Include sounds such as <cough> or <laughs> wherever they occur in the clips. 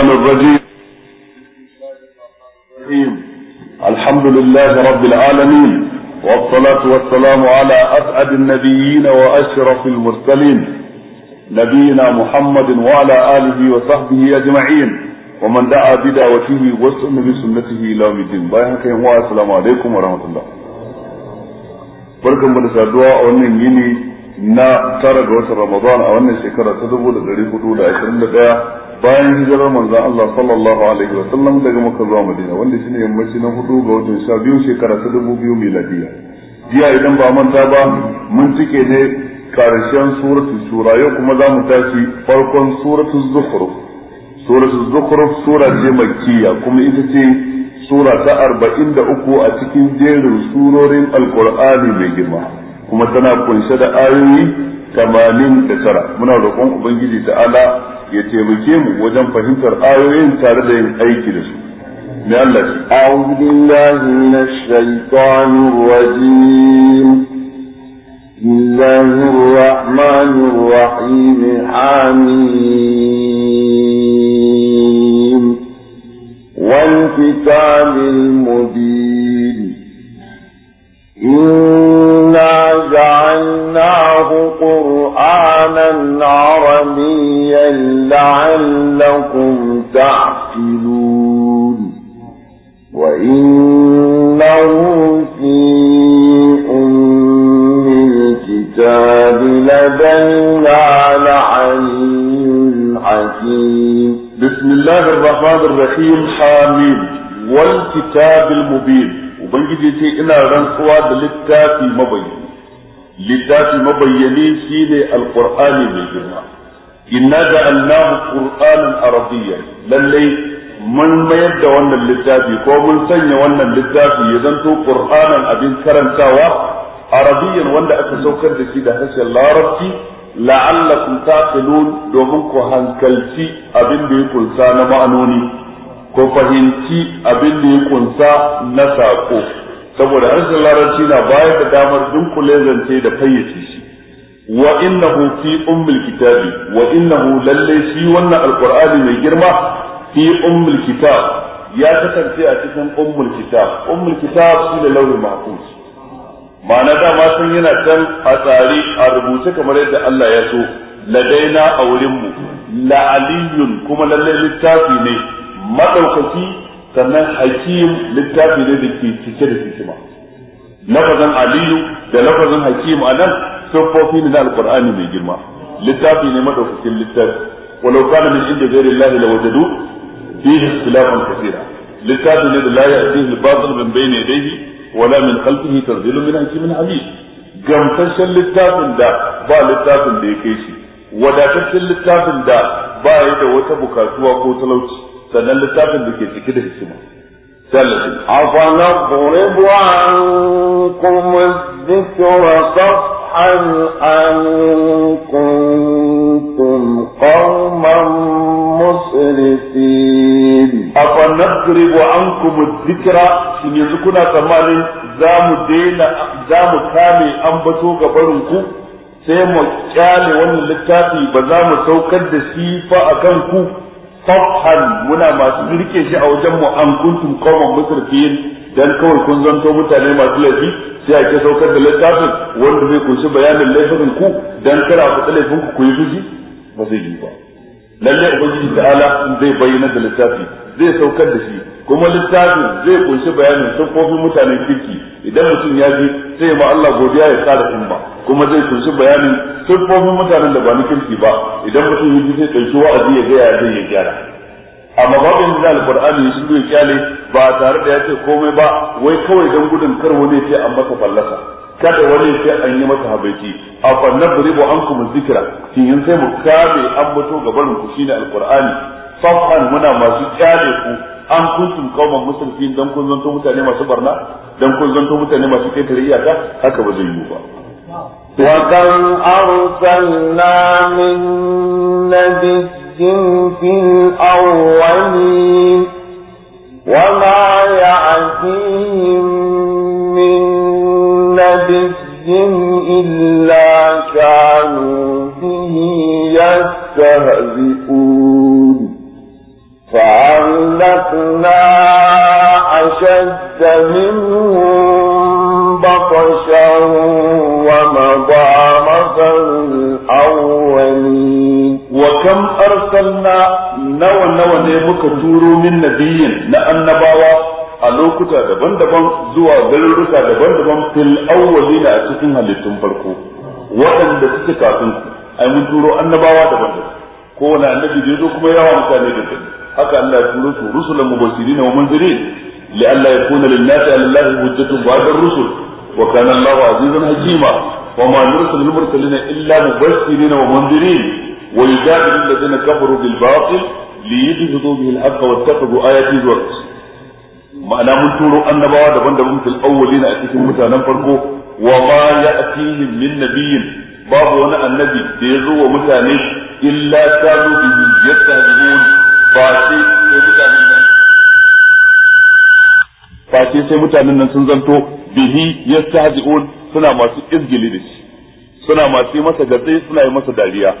الشيطان الرجيم الحمد لله رب العالمين والصلاة والسلام على أسعد النبيين وأشرف المرسلين نبينا محمد وعلى آله وصحبه أجمعين ومن دعا بدعوته وسن بسنته إلى يوم الدين بايعك السلام عليكم ورحمة الله barkan mu da saduwa a wannan yini na tara ga watan Ramadan a wannan shekara ta dubu da ɗari hudu da ashirin da ɗaya bayan hijirar manzan Allah sallallahu alaihi wa sallam daga maka zuwa Madina wanda shine yammaci na hudu ga watan biyu shekara ta dubu 2000 miladiya jiya idan ba manta ba mun cike ne karshen suratul sura yau kuma za mu tashi farkon suratul zukhruf suratul zukhruf sura ce makkiya kuma ita ce sura ta da uku a cikin jerin surorin alkur'ani mai girma kuma tana kunshe da ayoyi 89 muna roƙon ubangiji ta'ala ya taimake mu wajen fahimtar ayoyin tare da yin aiki da su mai Allah ce a'udhu billahi minash معه قرآنا عربيا لعلكم تعقلون وإنه في أم الكتاب لدينا لعلي حكيم بسم الله الرحمن الرحيم حميد والكتاب المبين وبنجي ina rantsuwa da littafi المبين littafi mabayyani shine al'ƙur'ani mai girma inna ja'alnahu qur'anan arabiyyan lallai mun mayar da wannan littafi ko mun sanya wannan littafi ya zanto qur'anan abin karantawa arabiyyan wanda aka saukar da shi da harshen larabci la'allakum taqilun domin ku hankalci abin da ya kunsa na ma'anoni ku fahimci abin da ya kunsa na sako saboda harshen larabci na bayar da damar dunkule zance da fayyace shi wa innahu fi ummul kitabi wa innahu lalle shi wannan alqur'ani mai girma fi ummul kitab ya kasance a cikin ummul kitab ummul kitab shi da lauhin mahfuz ma'ana ma sun yana can a tsari a rubuce kamar yadda Allah ya so ladaina a wurinmu la kuma lalle littafi ne madaukaki sannan hakim littafi ne da ke cike da hikima lafazin aliyu da lafazin hakim a nan siffofi ne na alqur'ani mai girma littafi ne madaukakin littafi walau kana min inda ghairi llahi lawajadu fihi ikhtilafan kaseera littafi ne da la ya'tihi al-batil min bayni yadayhi wala min khalfihi tanzilu min hakimin alim gamsashen littafin da ba littafin da ya kai shi wadataccen littafin da ba ya da wata bukatuwa ko talauci sannan littafin da ke ciki da hikima. Sallallahu Alaihi Wasallam. Afa na ɗorin an kuma zikira safan an kuntum kauman musulisi. Afa na ɗorin buwa an kuma zikira shi ne su kuna tsammanin za mu daina za mu kame an bato ga ku sai mu kyale wannan littafi ba za mu saukar da sifa a kan ku safhan muna masu rike shi a wajen mu an kuntum qawman musrifin dan kawai kun zanto mutane masu laifi sai a ke saukar da littafin wanda zai kunshi bayanin laifin ku dan kara ku laifin ku yi fushi ba zai yi ba lalle ubangiji ta'ala zai bayyana da littafi zai saukar da shi kuma littafin zai kunshi bayanin siffofin mutanen kirki idan mutum ya ji sai ma Allah godiya ya tsara ba kuma zai kunshi bayanin siffofin mutanen da ba na kirki ba idan mutum ya ji sai ɗauki wa'azi ya gaya zai ya gyara amma ba bin da alƙur'ani ya zai kyale ba tare da ya ce komai ba wai kawai dan gudun kar wani ce an masa fallasa kada wani ce an yi masa habaiki a fannar buribu an kuma zikira shi sai mu kame an mutu gabarin ku shine alqur'ani safan muna masu kyale ku an kuntum qauman musrifin dan kun zanto mutane masu barna dan kun zanto mutane masu ketare iyaka haka ba zai yi ba وكم أرسلنا من نبي في الأولين وما يأتيهم من نبي إلا كانوا به يستهزئون فأهلكنا أشد منهم بطشا ومضى مثل الأولين وكم أرسلنا نوى نوى نيمك تورو من نبي لأن نباوى a lokuta daban-daban zuwa garuruka daban-daban fil awwalina a cikin halittun farko waɗanda suke kafin ai mun turo annabawa daban-daban ko wani annabi da yazo kuma yawa mutane da su haka Allah ya turo su rusulan mubashirin wa munzirin li'alla yakuna lin-nasi 'ala Allahi hujjatun ba'da rusul wa kana Allahu 'azizan hakima wa ma nursilu al-mursalina illa mubashirin wa munzirin wa yujadilu alladhina kafaru bil-batil liyudhibu bihi al-haqqa wattakhadhu ayati zuwa ma'ana mun turo annabawa daban-daban fil awwalin a cikin mutanen farko wa ma ya'tihim min nabiyyin babu wani annabi da ya zo wa mutane illa kanu bihi yastahdun ba sai sai mutanen nan sun zanto bihi yastahzi'un suna masu izgili da shi suna masu masa gatsi suna yi masa dariya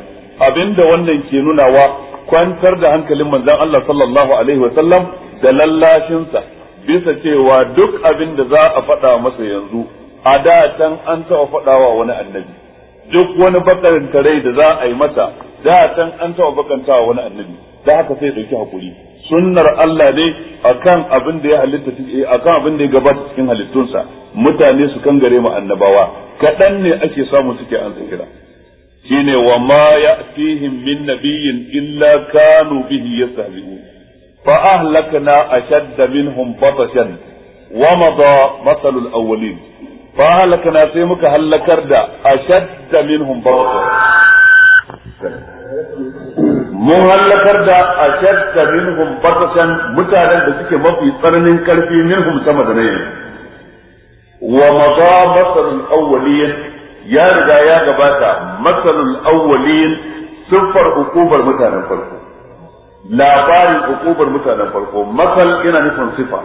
abinda wannan ke nunawa kwantar da hankalin manzan Allah sallallahu alaihi wa sallam da lallashinsa bisa cewa duk abin da za a faɗa masa yanzu a da can an taɓa faɗawa wani annabi duk wani tare da za a yi masa da can an taɓa wa wani annabi da haka sai dauki hakuri sunnar Allah ne akan abin da ya halitta akan abin da ya gabata cikin halittunsa mutane su kan gare mu annabawa kadan ne ake samu suke an zikira shine wa ma ya'tihim min nabiyyin illa kanu bihi yastahzi'un fa ahlakna ashadda minhum batashan wa madha masalul awwalin fa ahlakna sai muka halakar da ashadda minhum batashan mun hallakar da ashadda minhum batasan mutanen da suke mafi tsananin karfi minhum sama da nayin wa madha masalul awwaliyin ya riga ya gabata masalul awwaliyin siffar hukumar mutanen farko labarin hukumar mutanen farko masal ina nufin sifa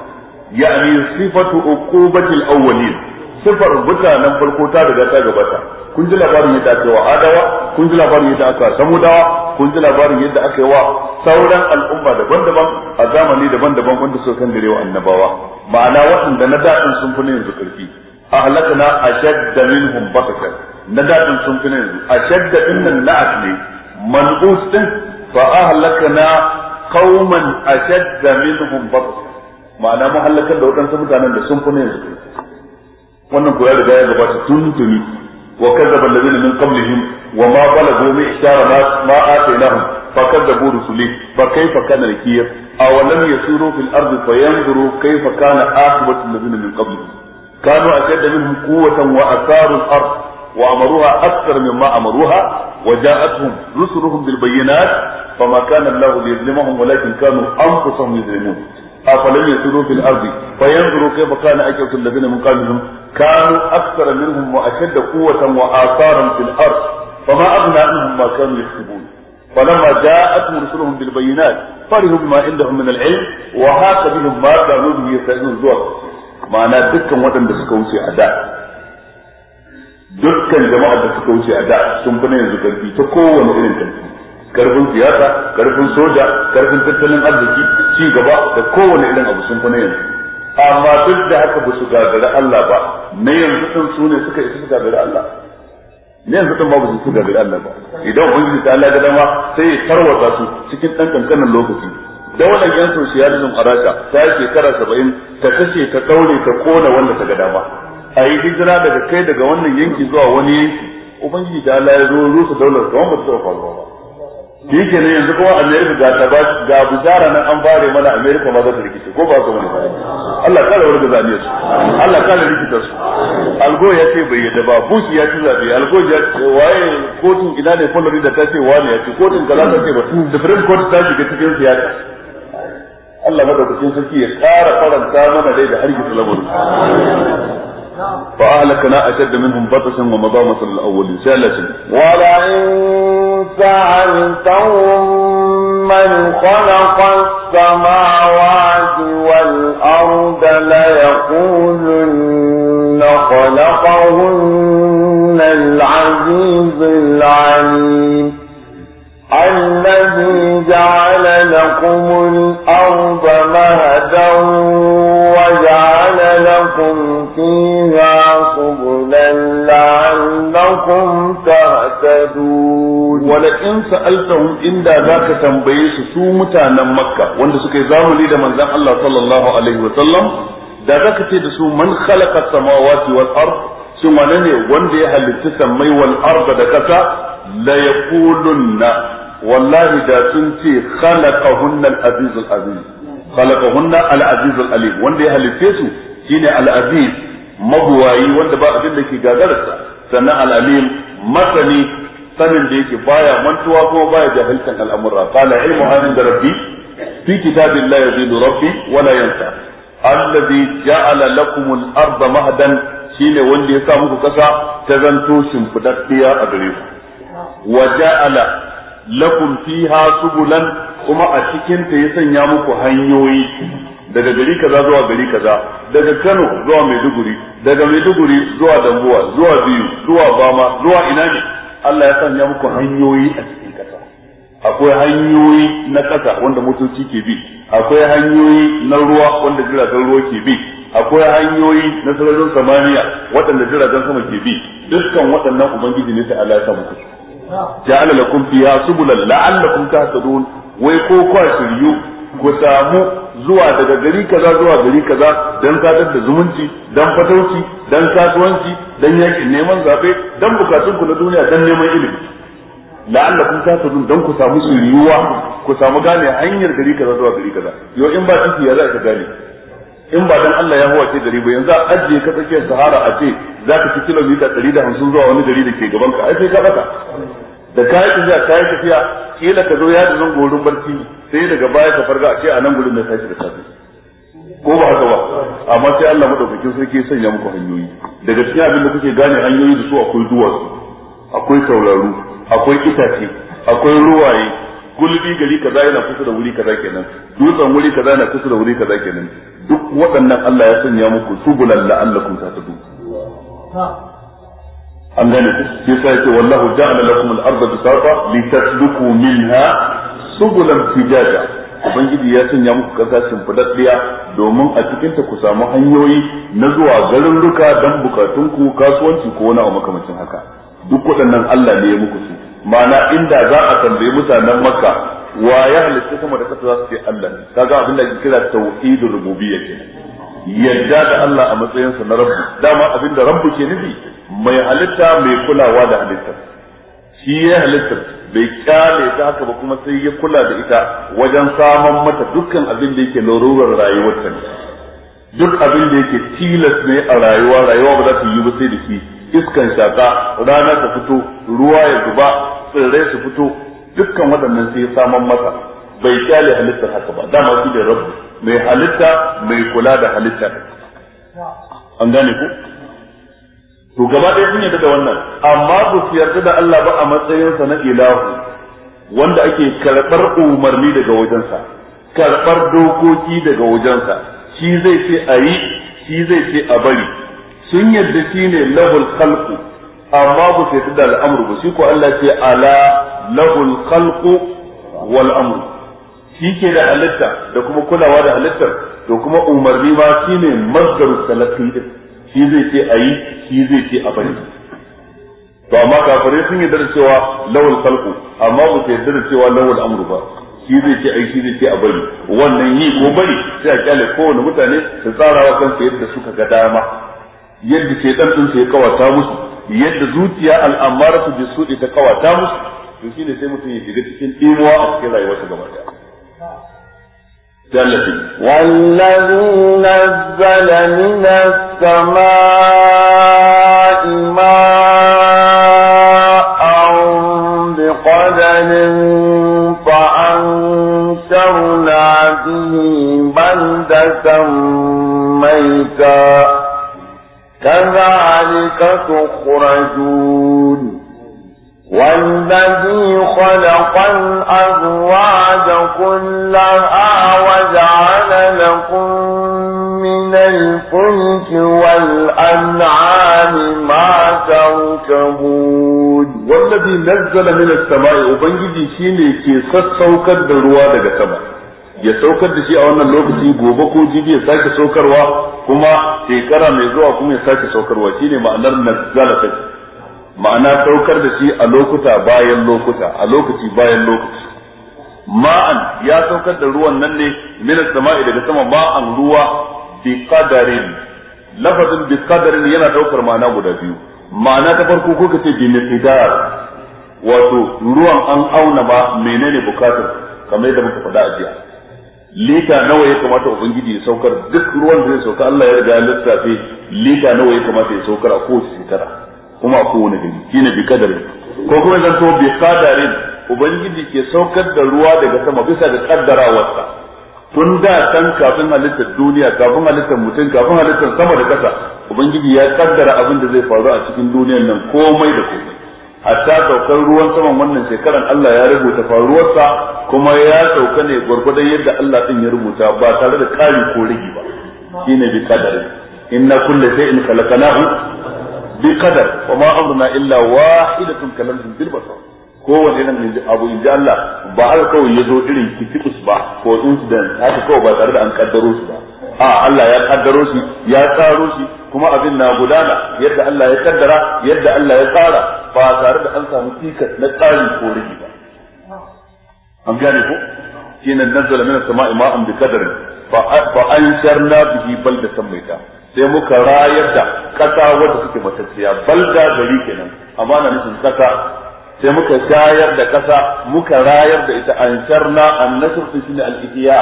yani sifatu hukumatil awwaliyin sifar mutanen farko ta riga ta gabata kun ji labarin yadda aka yi wa adawa kun ji labarin yadda aka yi dawa kun ji labarin yadda aka yi wa sauran al'umma daban-daban a zamani daban-daban wanda su kan dare wa annabawa ma'ana waɗanda na daɗin sun fi yanzu ƙarfi a halakana a shadda minhum basakar na daɗin sun fi yanzu a shadda ɗinnan na'at man'us din, fa a halakana qauman ashadda minhum basakar ma'ana mu da waɗansu mutanen da sun fi yanzu ƙarfi wannan ko ya riga ya gabata tuni wa kazzaba alladhina min qablihim wa ma balagu bi ishara ma ma atainahum fa kazzabu rusuli fa kayfa kana nakir aw lam yasiru fil ardi fayanzuru kayfa kana aqibatu alladhina min qablihim كانوا أشد منهم قوة وأثاروا الأرض وأمروها أكثر مما أمروها وجاءتهم رسلهم بالبينات فما كان الله ليظلمهم ولكن كانوا أنفسهم أفلم يسيروا في الأرض فينظروا كيف كان أكية الذين من قبلهم كانوا أكثر منهم وأشد قوة وآثارا في الأرض فما أغنى عنهم ما كانوا يكسبون فلما جاءتهم رسلهم بالبينات فرحوا بما عندهم من العلم وهاك بهم ما كانوا به يستعينون زور ma'ana dukkan waɗanda suka wuce a da dukkan jama'ar da suka wuce a da sun fi na yanzu karfi ta kowane irin karfi karfin siyasa karfin soja karfin tattalin arziki ci gaba da kowane irin abu sun fi na yanzu amma duk da haka ba su gagara Allah ba na yanzu sun su ne suka isa su gagara Allah Na yanzu sun babu su gagara Allah ba idan ubangiji ta Allah ga dama sai ya tarwata su cikin dan kankanin lokaci da wannan yan socialism a Rasha ta shekara 70 ta kashe ta daure ta kona wanda ta ga dama a yi hijira daga kai daga wannan yanki zuwa wani yanki ubangiji ta Allah ya zo rusa daular ta wanda ta faruwa ba shi ke nan yanzu kuma amerika ga ta ga bujara nan an bare mana amerika ma za ta rikice ko ba ka wani Allah kare wani gazaniya su Allah kare rikita su algo ya ce bai yadda ba bush ya ce zabe algo ya ce waye kotun gida ne fulani da ta ce wani ya ce kotun kaza ta ce ba supreme court ta shiga cikin siyasa Allah madaukakin sarki ya kara faranta mana dai da hargitsa lamarin فأهلكنا أشد منهم بطشا ومضى مثل الأولين wala ولئن سألتهم من خلق السماوات والأرض ليقولن خلقهن العزيز العليم الذي جعل لكم الأرض مهدا وجعل لكم فيها سبلا لعلكم تهتدون ولئن سألتهم إن ذاك تنبيس سو متانا مكة وانت سكي زاولي من ذا الله صلى الله عليه وسلم da za ka ce da su man khalaqa samawati wal ard su wane ne wanda ya halitta samai wal da kasa la yaqulunna wallahi da sun ce khalaqahunna al aziz al azim khalaqahunna al aziz wanda ya halitta su shine al mabuwayi wanda ba abin da ke gagararsa sannan al'alim masani sanin da yake baya mantuwa ko baya jahilcin al'amura qala ilmu anin da rabbi fi kitabillahi yazidu rabbi wala yansa allazi ja'ala lakumul arda mahdan shine wanda ya sa muku kasa ta zanto shimfidaddiya a gare ku wa ja'ala lakum fiha subulan kuma a cikin ta ya sanya muku hanyoyi daga gari kaza zuwa gari kaza daga Kano zuwa Maiduguri daga Maiduguri zuwa Dambuwa zuwa Biyu zuwa Bama zuwa ina ne Allah ya sanya muku hanyoyi a cikin kasa akwai hanyoyi na kasa wanda motoci ke bi akwai hanyoyi na ruwa wanda jiragen ruwa ke bi akwai hanyoyi na sararin samaniya waɗanda jiragen sama ke bi dukkan waɗannan ubangiji ne ta Allah ya sa muku ja'ala lakum fiha subulan la'allakum tahtadun wai ko kwa shiryu ku samu zuwa daga gari kaza zuwa gari kaza dan sadar da zumunci dan fatauci dan kasuwanci dan yakin neman zabe dan bukatun ku na duniya dan neman ilimi kun la'allakum tudun dan ku samu tsiriyuwa ku samu gane hanyar gari kaza zuwa gari kaza yo in ba titi ya za ka gane in ba dan Allah ya huwace gari ba yanzu ajiye ka tsakiyar sahara a ce za ka ci kilomita 150 zuwa wani gari da ke gaban ka ai sai ka bata da kayan tafiya kayan tafiya kila ka zo ya da zango wurin barci sai daga baya ka farga a ce a nan gurin da tashi da safe ko ba haka ba amma sai Allah madaukakin sarki ya sanya muku hanyoyi daga cikin abin da kuke gane hanyoyi da su akwai duwatsu akwai sauraro akwai itace akwai ruwaye gulbi gari kaza yana kusa da wuri kaza kenan dutsen wuri kaza yana kusa da wuri kaza kenan duk waɗannan Allah ya sanya muku subulan la'allakum tahtadun an gane ku sai sai ce wallahu ja'ala lakum al-ardha bisata litasluku minha subulan fijaja ubangiji ya sanya muku kasa shimfidaddiya domin a cikin ta ku samu hanyoyi na zuwa garurruka dan bukatun ku kasuwanci ko wani abu makamancin haka duk waɗannan Allah ne ya muku su ma'ana inda za a tambaye mutanen Makka wa ya halitta sama da kasa za su ce Allah kaga abin da ake kira tauhidur rububiyya ke yadda da Allah a matsayinsa na rabbu dama abin da rabbu ke nufi mai halitta mai kulawa da halittar shi ya halitta. bai kyale ta haka ba kuma sai ya kula da ita wajen saman mata dukkan abin da yake larurar rayuwarta ta duk abin da yake tilas ne a rayuwa rayuwa ba za ta yi ba sai da shi iskan shaka rana ta fito ruwa ya zuba tsirrai su fito dukkan waɗannan sai saman mata bai kyale halitta haka ba dama shi da rabu mai halitta mai kula da halitta an gane ku to gaba ɗaya sun yarda da wannan amma ba su yarda da Allah ba a matsayinsa na ilahu wanda ake karɓar umarni daga wajensa karɓar dokoki daga wajensa shi zai ce a yi shi zai ce a bari sun yarda shi ne lahul khalqu amma ba su yarda da al'amru ba shi ko Allah ce ala lahul khalqu wal amru shi ke da halitta da kuma kulawa da halittar to kuma umarni ma shine mazdaru salatin din shi zai ce a yi shi zai ce a bari to amma kafare sun yi da cewa lawal khalqu amma ba su yarda da cewa lawal amru ba shi zai ce yi shi zai ce a bari wannan yi ko bari sai a kyale kowane mutane su tsara wa kansu yadda suka ga dama yadda shaitan dan sun ya kawata musu yadda zuciya al'amara su bi su ta kawata musu to shine sai mutum ya shiga cikin imuwa a cikin rayuwarsa gaba daya والذي نزل من السماء ماء بقدر فأنشرنا به بلدة ميتا كذلك تخرجون والذي خلق الأزواج كلها لكم من الفلك والأنعام ما تركبون والذي نزل من السماء وبنجي شيني كي سوكر دروا دقا سما ya saukar da shi a wannan lokaci gobe ko jibi ya sake saukarwa kuma shekara mai zuwa kuma ya sake saukarwa shine ma'anar nazzala ta ma'ana saukar da shi a lokuta bayan lokuta a lokaci bayan lokaci ma'an ya saukar da ruwan nan ne min as-sama'i daga sama ma'an ruwa bi qadarin lafazin bi qadarin yana daukar ma'ana guda biyu ma'ana ta farko ko kace bi miqdar wato ruwan an auna ba menene bukatar kamar yadda muka faɗa a jiya lita nawa ya kamata ubangiji ya saukar duk ruwan da zai sauka Allah ya riga ya lissafe lita nawa ya kamata ya saukar a kowace shekara kuma a kowane gari shine bi kadarin ko kuma zan to bi kadarin ubangiji ke saukar da ruwa daga sama bisa da kaddarawarsa tun da san kafin halittar duniya kafin halittar mutum kafin halittar sama da kasa ubangiji ya kaddara abin da zai faru a cikin duniyar nan komai da komai hatta saukar ruwan saman wannan shekaran Allah ya rubuta faruwarsa kuma ya sauka ne gwargwadon yadda Allah din ya rubuta ba tare da kari ko rigi ba shine bi kadari inna kulli shay'in khalaqnahu bi qadar wa ma amruna illa wahidatun kalamhin bil basar kowane irin abu in ji Allah ba haka kawai ya zo irin kitibus ba ko incident haka kawai ba tare da an kaddaro shi ba a Allah ya kaddaro shi ya tsaro shi kuma abin na gudana yadda Allah ya kaddara yadda Allah ya tsara ba tare da an samu tikas na tsarin ko rigi ba an gane ko shine nazzala min as-sama'i ma'an bi qadarin fa ansharna bihi baldatan maita sai muka rayar da kasa wadda suke matacciya balda gari kenan amma na nufin kasa sai muka shayar da ƙasa, muka rayar da ita an an na fi shine al-ihya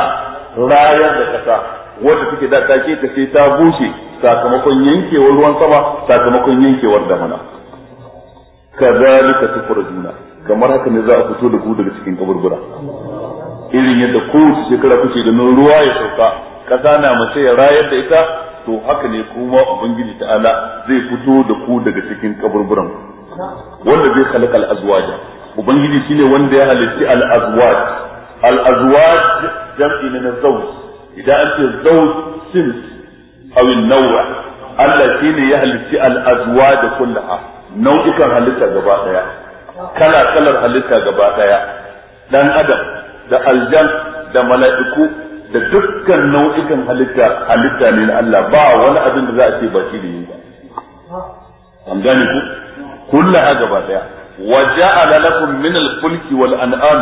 rayar da ƙasa. wanda take da take ta sai ta bushe sakamakon yankewar ruwan sama sakamakon yankewar damana kazalika tukhrajuna kamar haka ne za a fito da ku daga cikin kaburbura irin yadda kowace shekara kuke ganin ruwa ya sauka Ƙasa na mace ya rayar da ita to haka ne kuma ubangiji ta'ala zai fito da ku daga cikin kaburburan wanda zai khalaqa al ubangiji shine wanda ya halitti al-azwaj jam'i ne na zawj idan an ce zawj sins aw nawa Allah shine ya halitti al-azwaj kullaha nau'ikan halitta gaba daya kala kalar halitta gaba daya dan adam da aljan da mala'iku da dukkan nau'ikan halitta halitta ne na Allah ba wani abin da za a ce ba shi da yi ba an gane ku gaba daya wa ja'ala lakum min al-fulki wal an'am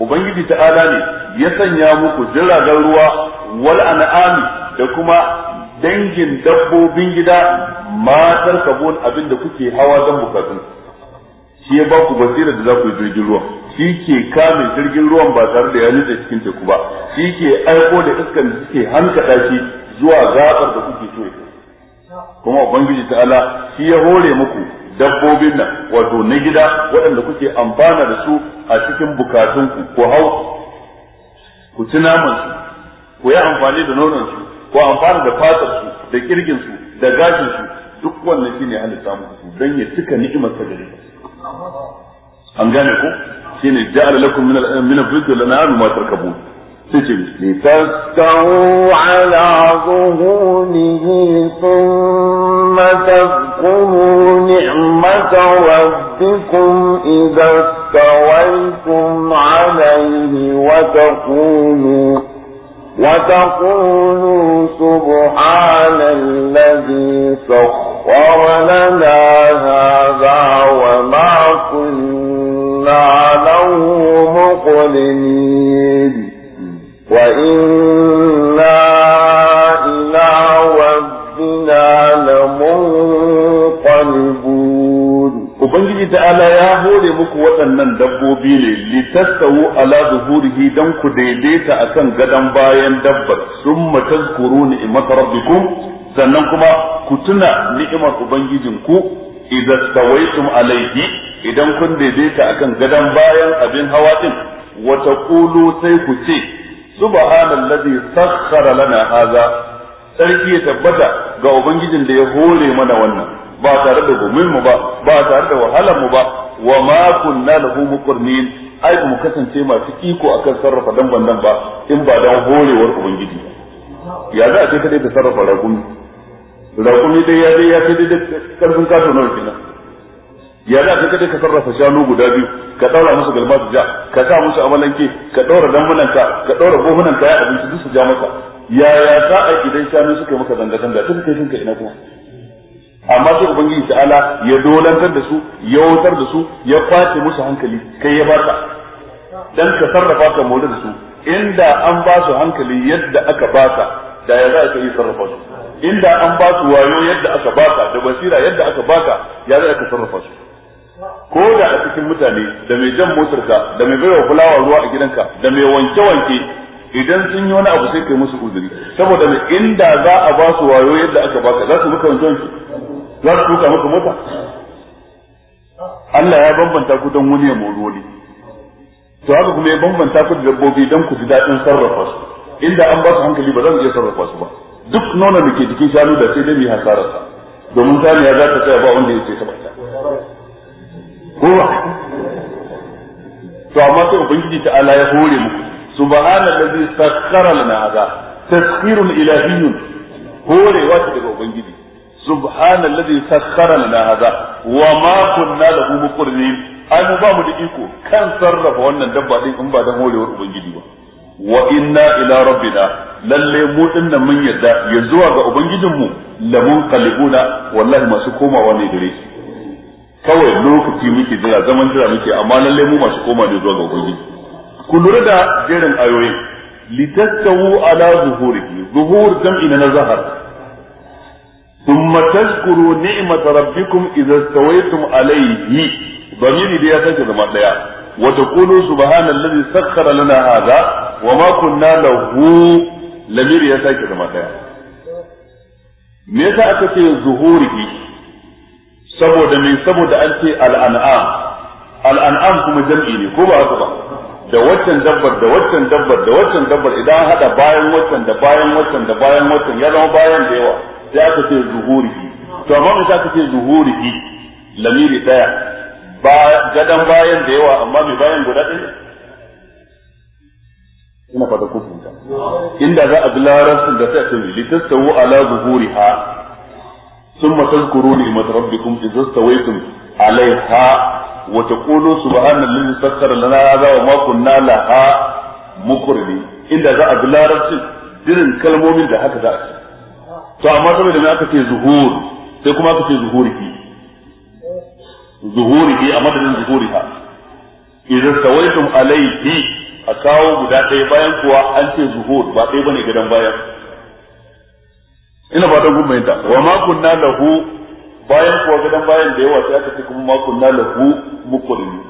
ubangiji ta'ala ne ya sanya muku jiragen ruwa wal an'am da kuma dangin dabbobin gida matar kabon abin da kuke hawa don bukatun shi ya ba ku basira da za ku yi jirgin ruwa shi ke kame jirgin ruwan ba tare da ya nutse cikin teku ba shi ke aiko da iskan da suke hankaɗa shi zuwa gaɓar da kuke so kuma ubangiji ta'ala shi ya hore muku dabbobin nan wato na gida waɗanda kuke amfana da su a cikin bukatunku ku hau ku ci naman su ku yi amfani da nonon su ku amfana da fatar da kirgin su da gashin su duk wannan shine halitta muku don ya cika ni'imar ta gare an gane ku shine ja'ala lakum min min al-fulki wal an'am ma tarkabun لتستووا على ظهوره ثم تذكروا نعمة ربكم إذا استويتم عليه وتقولوا وتقولوا سبحان الذي سخر لنا هذا وما كنا كنا له مقلمين وإنا إلى ربنا لمنقلبون Ubangiji ta'ala ya hore muku waɗannan dabbobi ne litastawu ala zuhurihi dan ku daidaita a kan gadon bayan dabbar summa tazkuru ni'mat rabbikum sannan kuma ku tuna ni'imar ubangijinku idza stawaitum alayhi idan kun daidaita akan gadon bayan abin hawa din wata kulu sai ku ce subhanallazi sakhkhara lana haza sarki ya tabbata ga ubangijin da ya hore mana wannan ba tare da gumin mu ba ba tare da wahalar mu ba wa ma kunna lahu muqrinin ai mu kasance masu iko akan sarrafa damban nan ba in ba dan horewar ubangiji ya za a ce kadai ta sarrafa ragumi ragumi dai ya dai ya ce dai karfin kasu nawa kenan ya za ka kada ka sarrafa shanu guda biyu ka daura musu galma su ja ka sa musu amalanke ka daura damunanka ka daura buhunanka ya abinci duk su ja maka yaya za a idan shanu suka yi maka zanga-zanga tun kai sun ina kuma amma sai ubangiji ta'ala ya dolantar da su ya wutar da su ya kwace musu hankali kai ya ba ka dan ka sarrafa ka mori da su inda an ba su hankali yadda aka ba ka da ya za ka yi sarrafa su inda an ba su wayo yadda aka ba ka da basira yadda aka ba ka ya za ka sarrafa su ko da a cikin mutane da mai jan motarka da mai baiwa fulawa ruwa a gidanka da mai wanke-wanke idan sun yi wani abu sai kai musu uzuri saboda mai inda za a ba su wayo yadda aka baka za su muka wanke za su tuka maka mota Allah ya bambanta ku don wani ya mori wani to haka kuma ya bambanta ku da dabbobi don ku ji daɗin sarrafa su inda an ba su hankali ba za mu iya sarrafa su ba duk nonon da ke jikin shanu da sai dai mu hasararsa domin saniya za ta tsaya ba wanda ya ce ta ba ko to amma sai ubangiji ta ala ya hore muku subhanallazi sakhkhara lana hada taskhirun ilahiyyun horewa ce daga ubangiji subhanallazi sakhkhara lana hada wa ma kunna lahu muqrinin an ba mu da iko kan sarrafa wannan dabba din in ba dan horewar ubangiji ba wa inna ila rabbina lalle mu dinnan mun yadda ya zuwa ga ubangijinmu lamun qalibuna wallahi masu komawa ne gare shi kawai lokaci muke jira zaman jira muke amma nan lemu masu koma ne zuwa ga ubangiji ku lura da jerin ayoyin litastawu ala zuhurihi zuhur jam'i na zahar thumma tashkuru ni'mat rabbikum idza stawaytum alayhi bamini da ya sake zama daya wa taqulu subhanalladhi sakhkhara lana hadha wa ma kunna lahu lamir ya sake zama daya me yasa aka ce zuhurihi saboda me saboda an ce al'an'am al'an'am kuma jam'i ne ko ba haka ba da waccan dabbar da waccan dabbar da waccan dabbar idan hada bayan waccan da bayan waccan da bayan waccan ya zama bayan da yawa sai aka ce zuhurihi to amma in aka ce zuhurihi lamiri daya ba gadan bayan da yawa amma mai bayan guda ɗaya ina fata ko fahimta inda za a bi larabcin da sai a ce litastawu ala zuhuriha ثم تذكروا نعمة ربكم إذا استويتم عليها وتقولوا سبحان الذي سخر لنا هذا وما كنا لها مقرنين إلا ذا أبلا رسل دين kalmomin da haka za a to amma saboda me aka ce zuhur sai kuma aka ce zuhurihi zuhurihi a madadin zuhuriha idan sawaitum alaihi a kawo guda ɗaya bayan kuwa an ce zuhur ba ɗaya bane gadan bayan ina fatan kun bayyanta wa ma kunna lahu bayan kuwa gidan bayan da yawa sai aka ce kuma ma kunna lahu muqrini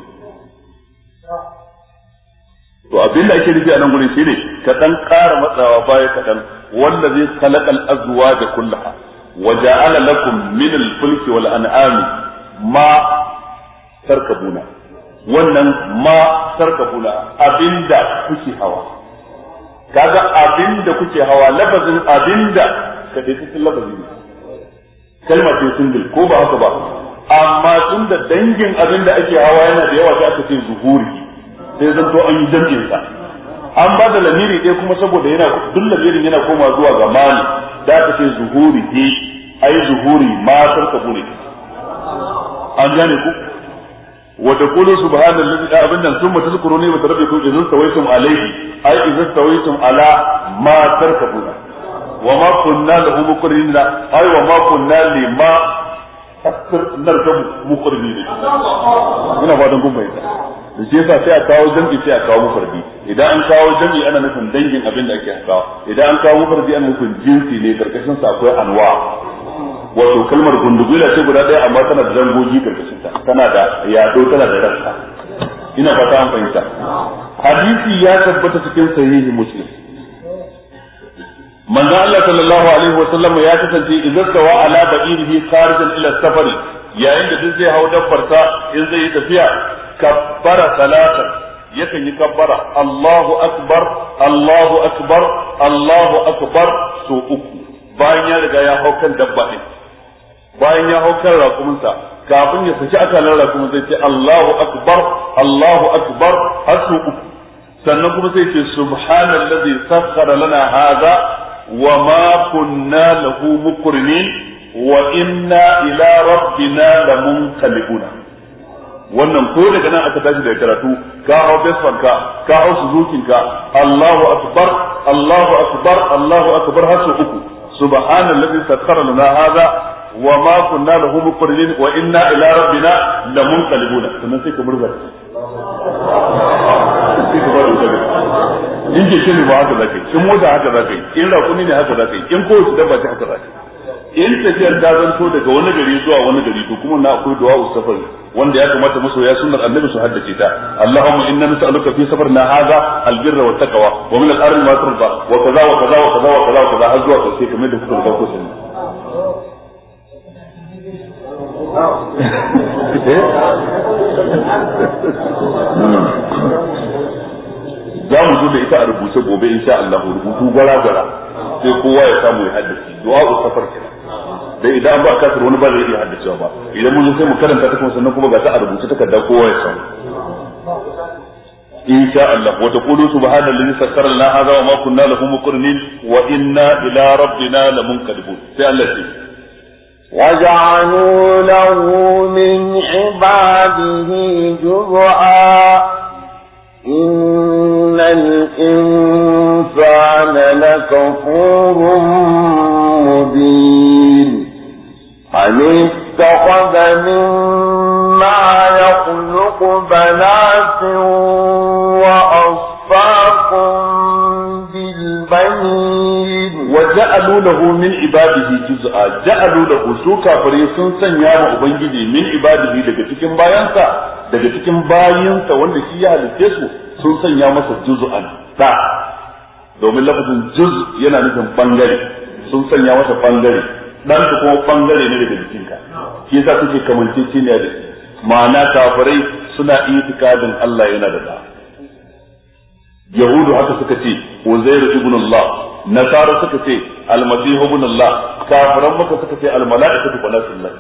to abin da ake nufi a nan gurin shine ka dan ƙara matsawa baya ka dan wanda zai khalaqal azwaj kullaha wa ja'ala lakum min al-fulki wal an'ami ma tarkabuna wannan ma tarkabuna abinda kuke hawa kaga abinda kuke hawa lafazin abinda cikin lafazi ne kalma ce ko ba haka ba amma tun da dangin abin da ake hawa yana da yawa sai aka ce zuhuri sai to an yi dangin sa an ba da lamiri ɗaya kuma saboda yana duk lamirin yana koma zuwa ga mali da aka ce zuhuri ne ai zuhuri matar ka bune an gane ku وتقول سبحان الذي أبنا sun تذكروني وتربيكم إذا استويتم عليه sun إذا استويتم على ka تركبون wa ma kunna lahu muqrinina ay wa ma kunna lima narkabu muqrinina ina fatan kun bayyana da shi yasa sai a kawo jam'i sai a kawo mufardi idan an kawo jam'i ana nufin dangin abin da ake hakawa idan an kawo mufardi ana nufin jinsi ne karkashin sa akwai anwa wato kalmar gundugula ce guda ɗaya amma tana da zangogi karkashin ta tana da yaɗo tana da rassa ina fata an fahimta hadisi ya tabbata cikin sahihi muslim manzo Allah sallallahu alaihi wasallam ya kasance idan sawa ala ba'irihi kharijan ila safari yayin da duk zai hau dabbarsa in zai yi tafiya kabbara salatan yakan yi kabbara Allahu akbar Allahu akbar Allahu akbar so uku bayan ya riga ya hau kan dabba din bayan ya hau kan raƙuminsa kafin ya saki akalan raƙumin zai ce Allahu akbar Allahu akbar har so uku sannan kuma sai ce subhanallazi sakhkhara lana hadha وما كنا له مقرنين وإنا إلى ربنا لمنقلبون wannan ko daga nan aka tashi daga karatu ka hau besfanka ka hau suzukinka Allahu akbar Allahu akbar Allahu akbar har sau uku subhanallazi sakkara lana hadha wa ma kunna lahu muqrinin wa inna ila rabbina lamunqalibuna sannan sai ka murza sai ka in keke ne ba haka zaka yi in mota haka zaka yi in rakuni ne haka zaka yi in kowace dabba ce haka zaka yi in tafiyar ta zanto daga wani gari zuwa wani gari to kuma na akwai du'a safari wanda ya kamata masoya sunnar annabi su haddace ta Allahumma inna nas'aluka fi na hadha albirra wat taqwa wa min al-ardi ma turda wa kaza wa kaza wa kaza wa kaza wa kaza har zuwa karshe kamar da kuka dauko sun eh <laughs> hmm. za mu zo da ita a rubuce gobe insha Allah rubutu gara gara sai kowa ya samu ya haddace du'a safar kenan dan idan ba ka wani ba zai iya haddacewa ba idan mun sai mu karanta ta kuma sannan kuma ga ta a rubuce takarda kowa ya samu إن شاء الله وتقول سبحان الذي سخر لنا هذا وما كنا له مقرنين وإنا إلى ربنا لمنقلبون في التي وجعلوا له من عباده جزءا إن الإنسان لكفور مبين هل اتخذ مما يخلق بنات وأصفاق بالبنين wa ja'alu lahu min ibadihi juz'a ja'alu lahu su kafare sun sanya ma ubangiji min ibadihi daga cikin bayansa daga cikin bayinsa wanda shi ya halitte su sun sanya masa juz'an ta. domin lafazin juz yana nufin bangare sun sanya masa bangare dan su kuma bangare ne daga jikinka shi yasa kamance shi ne da ma'ana kafirai suna itikadin Allah yana da ta. yahudu haka suka ce uzairu ibn Allah nasara suka ce almasihu ibn Allah kafiran maka suka ce almalaikatu banatullah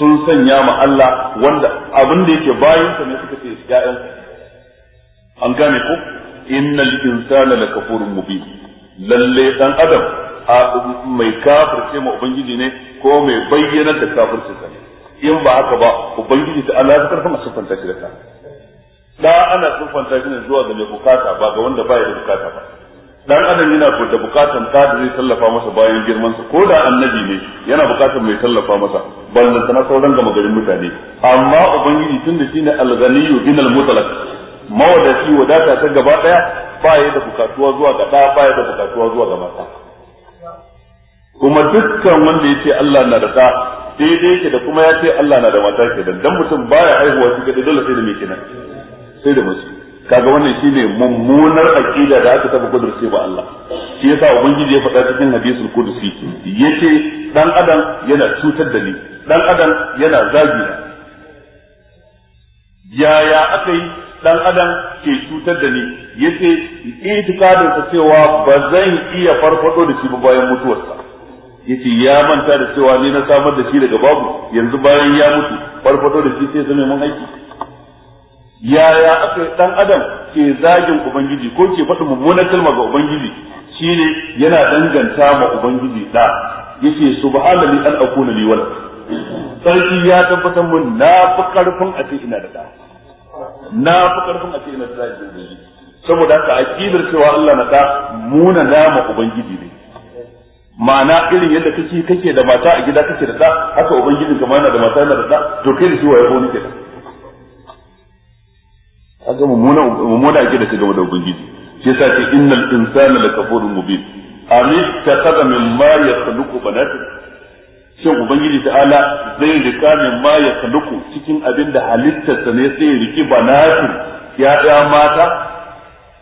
sun sanya ma Allah wanda abin da yake bayan sa ne suka ce ya'yan an gane ko innal insana lakafurun mubin lalle dan adam a mai kafirce ma ubangiji ne ko mai bayyana da kafirce ne in ba haka ba ubangiji ta Allah ya karfa masu fanta shi da ta da ana sun fanta shi ne zuwa ga mai bukata ba ga wanda baya da bukata ba dan adam yana da bukatan ta da zai tallafa masa bayan girman sa ko da annabi ne yana bukatan mai tallafa masa ballan sana sauran ga magarin mutane amma ubangiji tunda shine al-ghaniyyu bin al-mutlaq mawadaci wadata ta gaba daya ba ya da bukatuwa zuwa ga ba ya da bukatuwa zuwa ga mata kuma dukkan wanda yace Allah na da ta daidai ke da kuma yace Allah na da mata ke dan mutum baya haihuwa shi ga dole sai da mai kenan sai da musu kaga wannan shine mummunar aqida da aka taba kudurce ba Allah shi yasa ubangiji ya faɗa cikin hadisul kudusi yace dan adam yana cutar da ni dan adam yana zagi yaya aka yi dan adam ke cutar da ni yace itikadin sa cewa ba zan iya farfado da shi ba bayan mutuwarsa yace ya manta da cewa ni na samar da shi daga babu yanzu bayan ya mutu farfado da shi sai zama mun aiki yaya aka dan adam ke zagin ubangiji ko ke faɗi mummunar kalma ga ubangiji shine yana danganta ma ubangiji da yace subhanallahi an akuna li walad sarki ya tabbatar mun na fi karfin a ce ina da da na fi karfin a ce ina da da saboda haka aqidar cewa Allah na da muna nama ubangiji ne ma'ana irin yadda kake kake da mata a gida kake da da haka ubangiji kamar yana da mata yana da da to kai da shi waye ko nake da kaga mummuna mumuna ake da kaga da ubangiji shi yasa ce innal insana lakafurun mubin amis kada min ma yakhluqu banat shin ubangiji ta'ala zai rika min ma yakhluqu cikin abin da halittarsa ne sai riki banatu ya ɗaya mata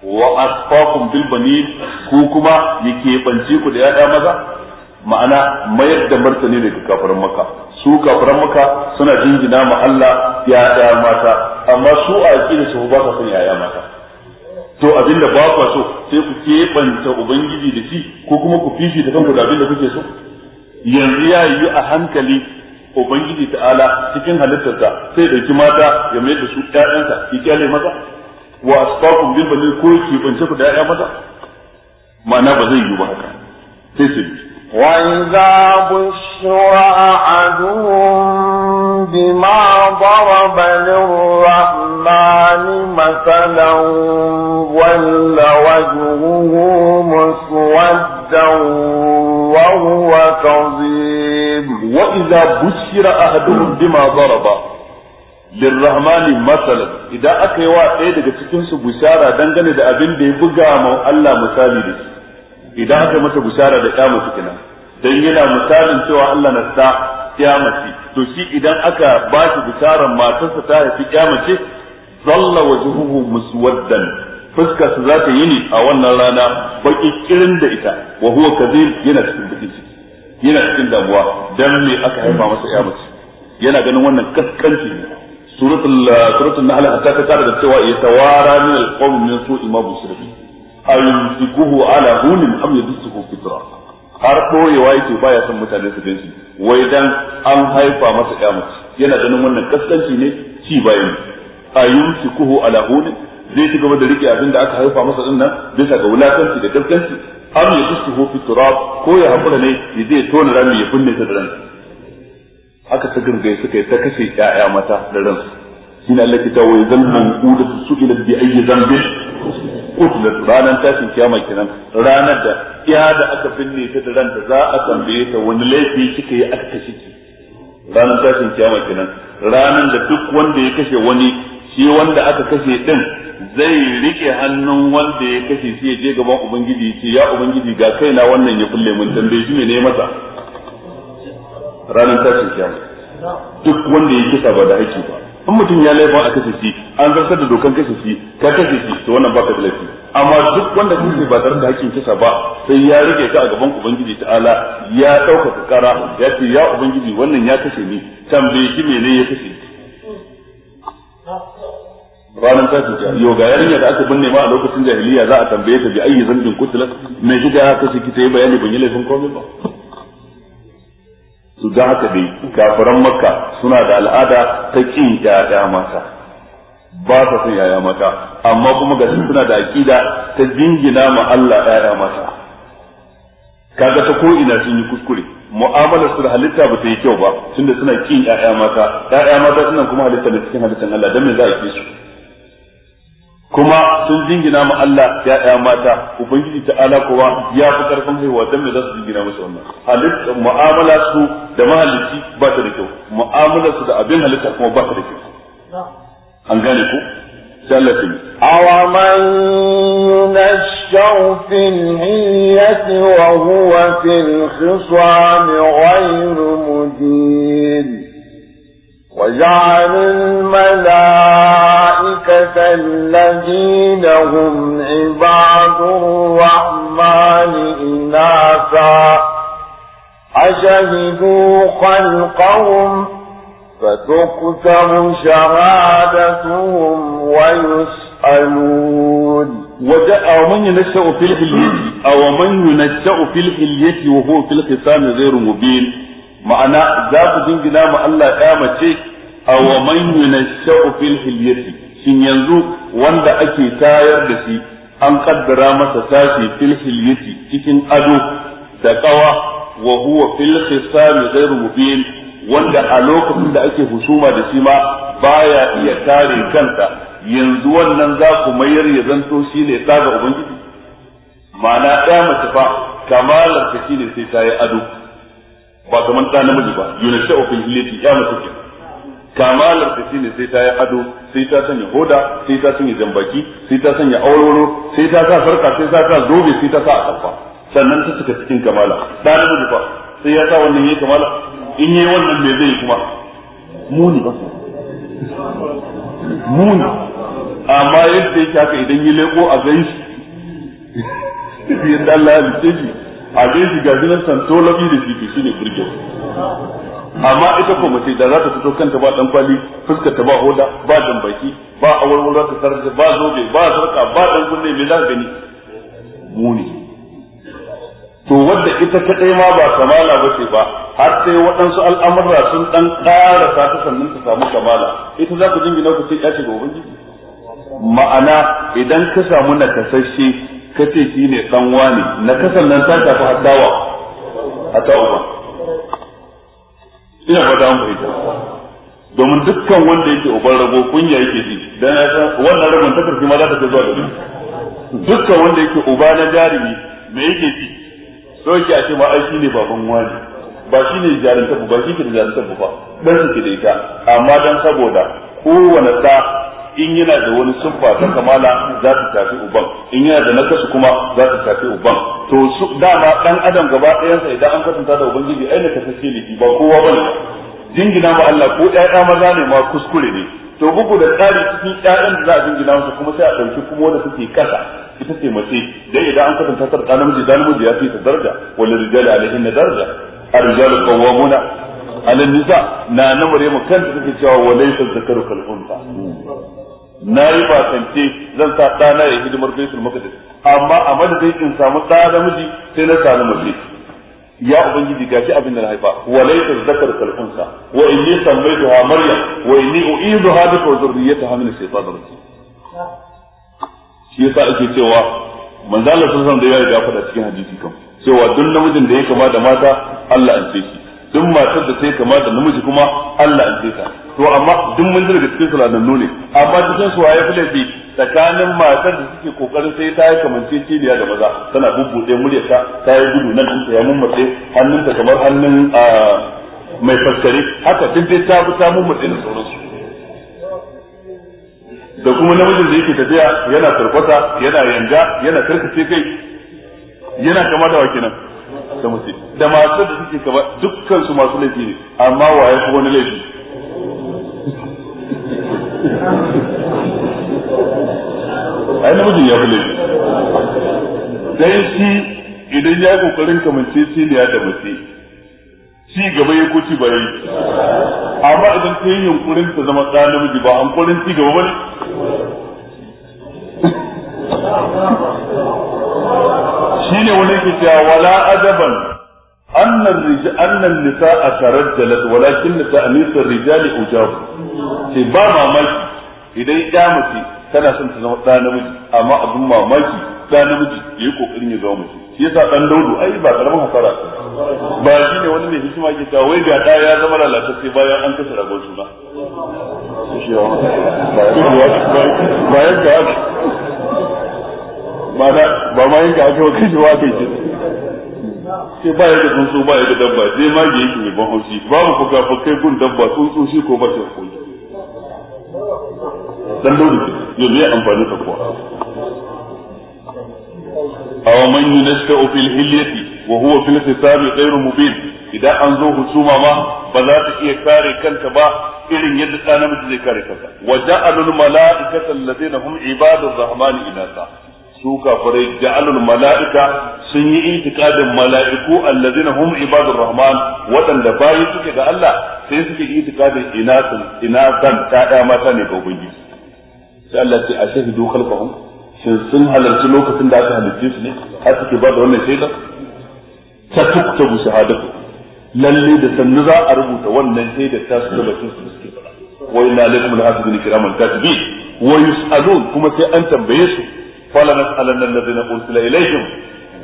wa asfakum bil banin ku kuma yake banci ku da ya maza ma'ana mayar da martani daga kafirin maka su kafirin maka suna jingina ma Allah ya mata amma su a da su ba ka son yaya mata to abinda ba ku so sai ku keɓanta ubangiji da shi ko kuma ku fifita kanku da abinda kuke so yanzu ya yi a hankali ubangiji ta'ala cikin halittarsa sai dauki mata ya mai da su ƴaƴansa ya kyale mata. wa asfaqum bil bani ko ki bance ku da 'ya'ya mata? ma'ana ba zai yi ba haka sai su wa za bushira ahadum بما ضرب للرحمن مثلا ول وجهه مسودا وهو كظيم وإذا بشر أحدهم بما ضرب للرحمن مثلا إذا أكيوا إيدا تتنسوا تكنسو بشارة دنجل إذا أبن دي بقى مو الله مثالي لك إذا أكيوا مسا بشارة دا كامو دنجل مثال سوى الله نستا قيامتي to shi idan aka ba shi bisharar matarsa ta haifi kyamace zalla wajhuhu muswaddan fuskar su za ta yi a wannan rana baki kirin da ita wa huwa kazim yana cikin bakin ciki yana cikin damuwa dan me aka haifa masa kyamace yana ganin wannan kaskanci ne suratul ah, suratul nahl hatta ta kara da cewa yatawara min alqawm min su'i ma busrifi ayumsikuhu ala hunin am yadsuhu fitra har boyewa yake baya son mutane su ganshi wai dan an haifa masa ya mace yana ganin wannan kaskanci ne ci bayan kuhu ala hunin zai ci gaba da rike abin da aka haifa masa din nan bisa ga wulakanci da kaskanci am ya tusuhu fi turab ko ya hakura ne ya zai tona rami ya binne ta da ransa haka ta suka yi ta kashe ƴaƴa mata da ransu shine Allah ta wa su su ila bi ayi dhanbin qutlat ranar tashin kiyama kenan ranar da iya da aka binne ta da ranta za a tambaye ta wani laifi kika yi aka kashe ki ranar tashin kiyama kenan ranar da duk wanda ya kashe wani shi wanda aka kashe din zai rike hannun wanda ya kashe shi ya je gaban ubangiji ya ce ya ubangiji ga kaina wannan ya kulle mun tambaye shi ne masa ranar tashin kiyama duk wanda ya kisa ba da haƙƙi ba in mutum ya laifa a kashe shi an zartar da dokan kashe shi ka kashe shi to wannan baka da laifi amma duk wanda kake ba tare da hakkin kisa ba sai ya rike ka a gaban ubangiji ta'ala ya dauka ka kara ya ce ya ubangiji wannan ya kashe ni tambaye shi menene ya kashe ranar ta ce yau ga yarinya da aka binne ma a lokacin jahiliya za a tambaye ta bi ayi zambin kutula me shiga ya kashe ki ta yi bayani ban yi laifin komai ba su da haka dai kafiran makka suna da al'ada ta kin yaya mata ba ta son yaya mata amma kuma ga suna da aqida ta jingina ma Allah yaya mata kaga ta ko ina sun yi kuskure mu'amalar su da halitta ba ta yi kyau ba tunda suna kin yaya mata yaya mata suna kuma halitta ne cikin halittar Allah dan me za a ki su kuma sun jingina ma Allah ya ya'ya mata ubangiji ta ala kuwa ya fi karfin haihuwa dan me za su jingina musu wannan halitta mu'amala su da mahalicci ba ta da kyau mu'amala su da abin halitta kuma ba ta da kyau an gane ku ثلاثة أومن ينشأ في wa وهو في الخصام غير مدين وجعل الملائكة الذين هم عباد الرحمن إناثا أشهدوا خلقهم فتكتب شهادتهم ويسألون وجاء من ينشأ في الحلية أو من ينشأ في الحلية وهو في الختام غير مبين ma'ana za ku jingina ma Allah ya mace a wa man yunashu fil hilyati shin yanzu wanda ake tayar da shi an kaddara masa tashi fil hilyati cikin ado da kawa wa huwa fil khisam ghairu mubin wanda a lokacin da ake husuma da shi ma baya iya tare kanta yanzu wannan za ku mayar ya zanto shi ne tsaga ubangiji ma'ana ɗaya mace fa kamalar ta ne sai ta yi ado ba kamar ɗa namiji ba ta ofin hiliti ya mutu ke kamalar ta shine sai ta yi ado sai ta sanya hoda sai ta sanya jambaki sai ta sanya awarwaro, sai ta sa sarka sai ta sa zobe sai ta sa a sannan ta cika cikin kamala Da namiji ba sai ya sa wannan yayi kamala in yayi wannan me zai kuma muni ba muni amma yadda yake haka idan yi leko a gaishi shi <laughs> yadda Allah ya halitta shi abin shi ga zinan santolabi da shi shi ne burgewa amma ita ko mace da za ta fito kanta ba dan kwali fuskar ta ba hoda ba dan baki ba awarwar za ta sarrafa ba zobe ba sarka ba dan kunne me za gani muni to wadda ita kadai ma ba kamala ba ce ba har sai waɗansu al'amurra sun dan ƙara ta ta sannan ta samu kamala ita za ku jingina ku ce ya ce ga ubangiji ma'ana idan ka samu nakasashe ka ce shi ne dan wani na kasan nan ta tafi haddawa hatta uba ina ba ta fahimta domin dukkan wanda yake uban rago kunya yake ji dan wannan ragon ta karfi ma za ta ce zuwa gari dukkan wanda yake uba na jarumi me yake ji so yake a ce ma ai shi ne baban wani ba shi ne jarin tabu ba shi ke da jarin tabu ba dan su ke da ita amma dan saboda kowane ta. in yana da wani siffa ta kamala za ta tafi uban in yana da nakasu kuma za ta tafi uban to su dama dan adam gaba ɗayansa idan an kwatanta da ubangiji ka ta kasance liki ba kowa bane jingina ma Allah ko ƴaƴa maza ne ma kuskure ne to bugu da tsari cikin ƴaƴan da za a jingina musu kuma sai a ɗauki kuma wanda suke kasa ita ce mace dai idan an kwatanta ta ɗan namiji da namiji ya fi ta daraja wal rijali alaihin daraja ar-rijalu qawwamuna ala nisa na namare mu kanta take cewa walaysa zakaru kal na yi basance zan sa ɗana ya hidimar baitul maqdis amma a madadin in samu ɗa miji sai na sami mace ya ubangiji shi abin da na haifa wa laysa dhakar kal unsa wa inni sammaytuha maryam wa inni u'iduha bika wa dhurriyyataha min ash-shaytanir rajim shi yasa ake cewa manzo Allah sallallahu alaihi wasallam da ya riga faɗa cikin hadisi kan cewa duk namijin da ya kama da mata Allah an ce shi duk matar da ta kama da namiji kuma Allah an ce ta to amma duk mun da cikin sulanannu ne amma cikin su waye bi. tsakanin matar da suke kokarin sai ta yi kamance cibiya da maza tana bubbuɗe muryarta ta yi gudu nan ta ya hannun hannunta kamar hannun mai faskare haka duk dai ta fi ta mummatse da sauransu da kuma namijin da yake tafiya yana sarkwata yana yanga yana karkace kai yana kama da nan da mutum da masu da suke kama dukkan su masu laifi ne amma waye kuma wani laifi ai namijin ya bule laifi shi idan ya kokarin kamance shi ne ya da mace ci gaba ya ko ci bayan amma idan ta yi yunkurin ta zama ɗan namiji ba hankulin ci gaba ba ne ne wani ke cewa wala adaban أن أن النساء ترجلت ولكن تأنيس الرجال أجاب في بابا مالك إذا قامت تنا سنت زما namiji amma abin mamaki da namiji yayi kokarin ya zama mace shi yasa dan daudu ai ba karamin hasara ba shi ne wani mai hikima ke cewa wai ga da zama lalatacce bayan ba sai ba ya da tsuntsu ba ya da dabba sai ma ga yake mai ban ba mu fuka fukai gun dabba tsuntsu shi ko ba ta koyi dan dole yo me amfani ka kuwa aw man yunashta fil hilyati wa huwa fil hisabi ghayr mubin idan an zo husuma ma ba za ta iya kare kanta ba irin yadda ɗan namiji zai kare kanta wa ja'alul mala'ikata alladhina hum ibadur rahmani inasa su kafirai ja'alul mala'ika sun yi itikadin mala'iku allazina hum ibadur rahman wadanda bayi suke ga Allah sai suke itikadin ina inasan ta da mata ne ga ubangiji sai Allah ya ashhadu khalqahum shin sun halarci lokacin da aka halicce su ne har suke ba da wannan shaida ta tuktabu shahadatu lalle da sannu za a rubuta wannan shaida ta su da bakin su suke faɗa wa inna alaikum lahafizun kiraman katibin wa yus'alun kuma sai an tambaye su فلنسألن الذين أرسل إليهم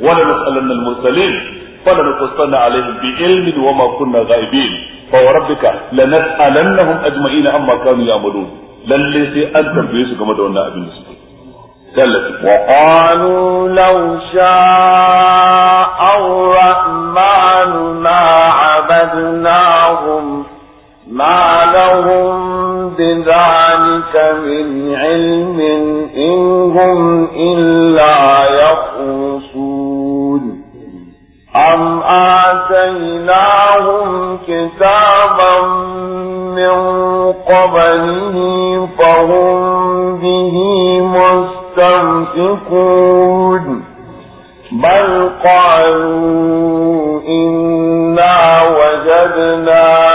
ولنسألن المرسلين فلنقصن عليهم بعلم وما كنا غائبين فوربك لنسألنهم أجمعين عما كانوا يعملون لن ليس an tambaye su game da وقالوا لو شاء الرحمن ما عبدناهم ما لهم بذلك من علم إن هم إلا يخرصون أم آتيناهم كتابا من قبله فهم به مستمسكون بل قالوا إنا وجدنا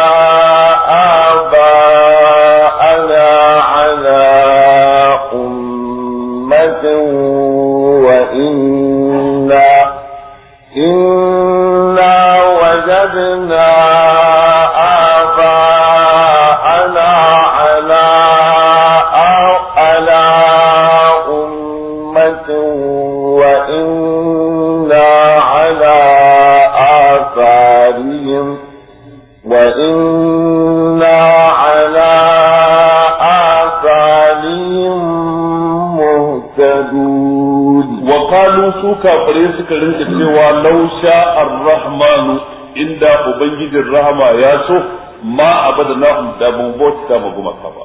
ubangijin rahama ya so ma abadnahum da mu bauta ma gumaka ba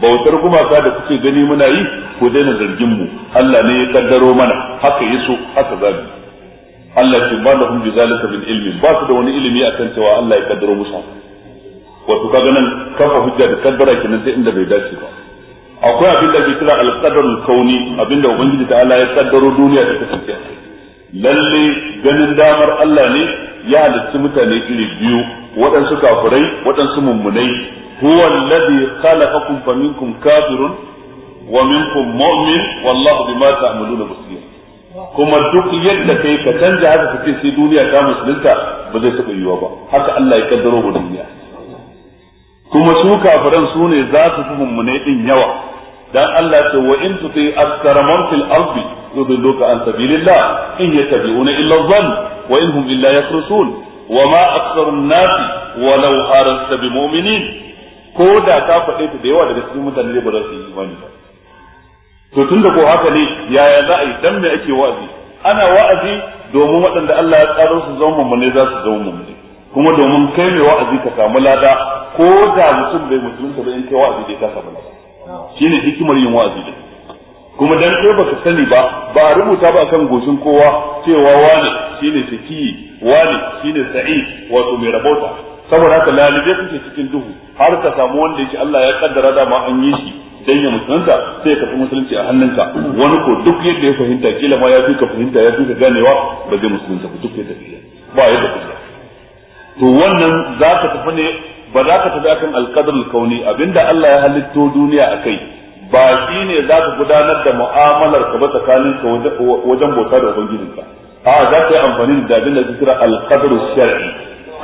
bautar gumaka da kuke gani muna yi ku daina zargin mu Allah ne ya kaddaro mana haka yaso haka zabi Allah ce ba lahum bi zalika min ilmi ba su da wani ilimi akan cewa Allah ya kaddaro musu wato kaga nan kafa hujja da kaddara kenan sai inda bai dace ba akwai abin da ke kira alqadarul kauni abinda ubangiji ta Allah ya kaddaro duniya ta kasance lalle ganin damar Allah ne ya halitta mutane iri biyu waɗansu kafirai waɗansu mummunai huwa alladhi khalaqakum faminkum kafirun wa minkum mu'min wallahu bima ta'maluna basir kuma duk yadda kai ka canja haka kace sai duniya ta musulunta ba zai taɓa yiwa ba haka Allah ya kaddaro ba duniya kuma su kafiran su ne za su fi mummunai din yawa dan Allah ce wa in tuti askara man fil ardi yudilluka an sabilillah in yattabi'una illa dhann Wa'in in hum illa yakhrusun wa ma aktharun nas walau harasta bi ko da ka faɗe da yawa daga cikin mutane ne yi imani to ko haka ne yaya za a yi dan me ake wa'azi ana wa'azi domin waɗanda Allah ya tsaro su zama ne za su zama ne. kuma domin kai mai wa'azi ka samu lada ko da mutum bai musulunta ba in kai wa'azi dai ka samu lada shine hikimar yin wa'azi dai kuma dan ɗaya baka sani ba ba a rubuta ba kan goshin kowa cewa wani shine sakiyi wani shine sa'id wato mai rabota saboda haka lalibe kuke cikin duhu har ka samu wanda yake Allah ya kaddara da ma an yi shi dan ya musulunta sai ka fi musulunci a hannunka wani ko duk yadda ya fahimta kila ma ya fi ka fahimta ya fi ka ganewa ba zai musulunta ba duk yadda ya ba yadda kuka to wannan za ka tafi ne ba za ka tafi akan alkadar kauni abinda Allah ya halitto duniya akai ba shi ne za ka gudanar da mu'amalar ka ba tsakanin ka wajen bauta da ubangijinka a za ka yi amfani da abin da ake kira alqadru shar'i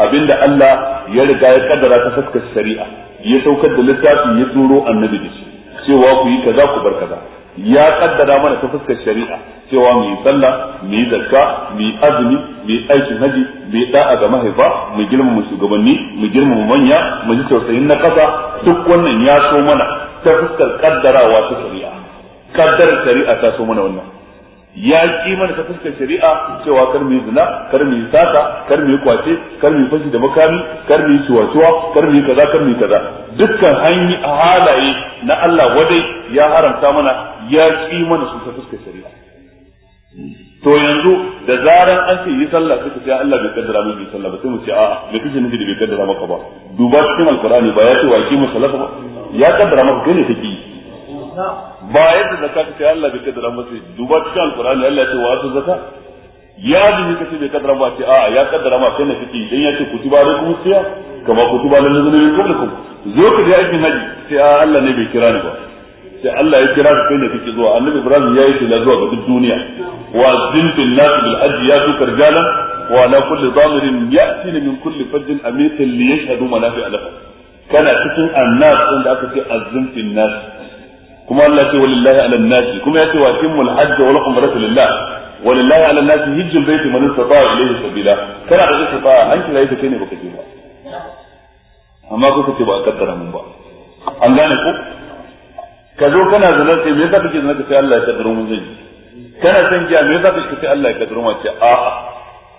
abinda Allah ya riga ya kaddara ta fuskar shari'a ya saukar da littafi ya turo annabi da shi cewa ku yi kaza ku bar kaza ya kaddara mana ta fuskar shari'a cewa mu yi sallah mu yi zakka mu yi azumi mu yi aikin haji mu yi da'a ga mahaifa mu girmama shugabanni mu girmama manya mu ji tausayin na kasa duk wannan ya so mana ta fuskar kaddarawa ta shari'a kaddar shari'a ta so mana wannan ya ki mana ta fuskar shari'a cewa kar mu yi zina kar mu yi sata kar mu yi kwace kar mu yi fashi da makami kar mu yi ciwaciwa kar mu yi kaza kar mu yi kaza dukkan hanyi halaye na Allah wadai ya haramta mana ya ki mana su ta fuskar shari'a to yanzu da zaran an ce yi sallah suka ce Allah bai kaddara mai yi sallah ba sai mu ce a'a me kake nufi da bai kaddara maka ba duba cikin alqur'ani ba ya ce wa ki mu sallah ba ya kaddara maka kai ne take yi ba yadda zakka ta kai Allah bai kaddara masa duba cikin alqur'ani Allah ya ce wa zakka ya ji ka ce bai kaddara ba ce a'a ya kaddara ma kai ne take yi dan ya ce kutiba alaikum siya kama kutiba lil ladzina min qablikum zo ka je aikin haji sai a Allah ne bai kira ni ba sai Allah ya kira ka kai ne kake zuwa annabi Ibrahim ya yi tilla zuwa ga duk duniya wa zinfil nas bil hajji ya tukar jalan wa ala kulli dhamirin ya'tina min kulli fajjin amitin li yashhadu manafi'a lahum kana cikin annas wanda aka ce azzumfin nas kuma Allah ce walillahi ala nas kuma ya ce wa timmul hajj wal umrata lillah walillahi ala nas hajjul baiti man istata'a ilayhi sabila kana da istata'a an kira kai ne baka je ba amma kuka ce ba a kaddara mun ba an gane ko ka zo kana zanar sai me yasa kake zanar ka sai Allah ya kaddaro mun zai kana san giya me yasa kake sai Allah ya kaddaro mun ce a a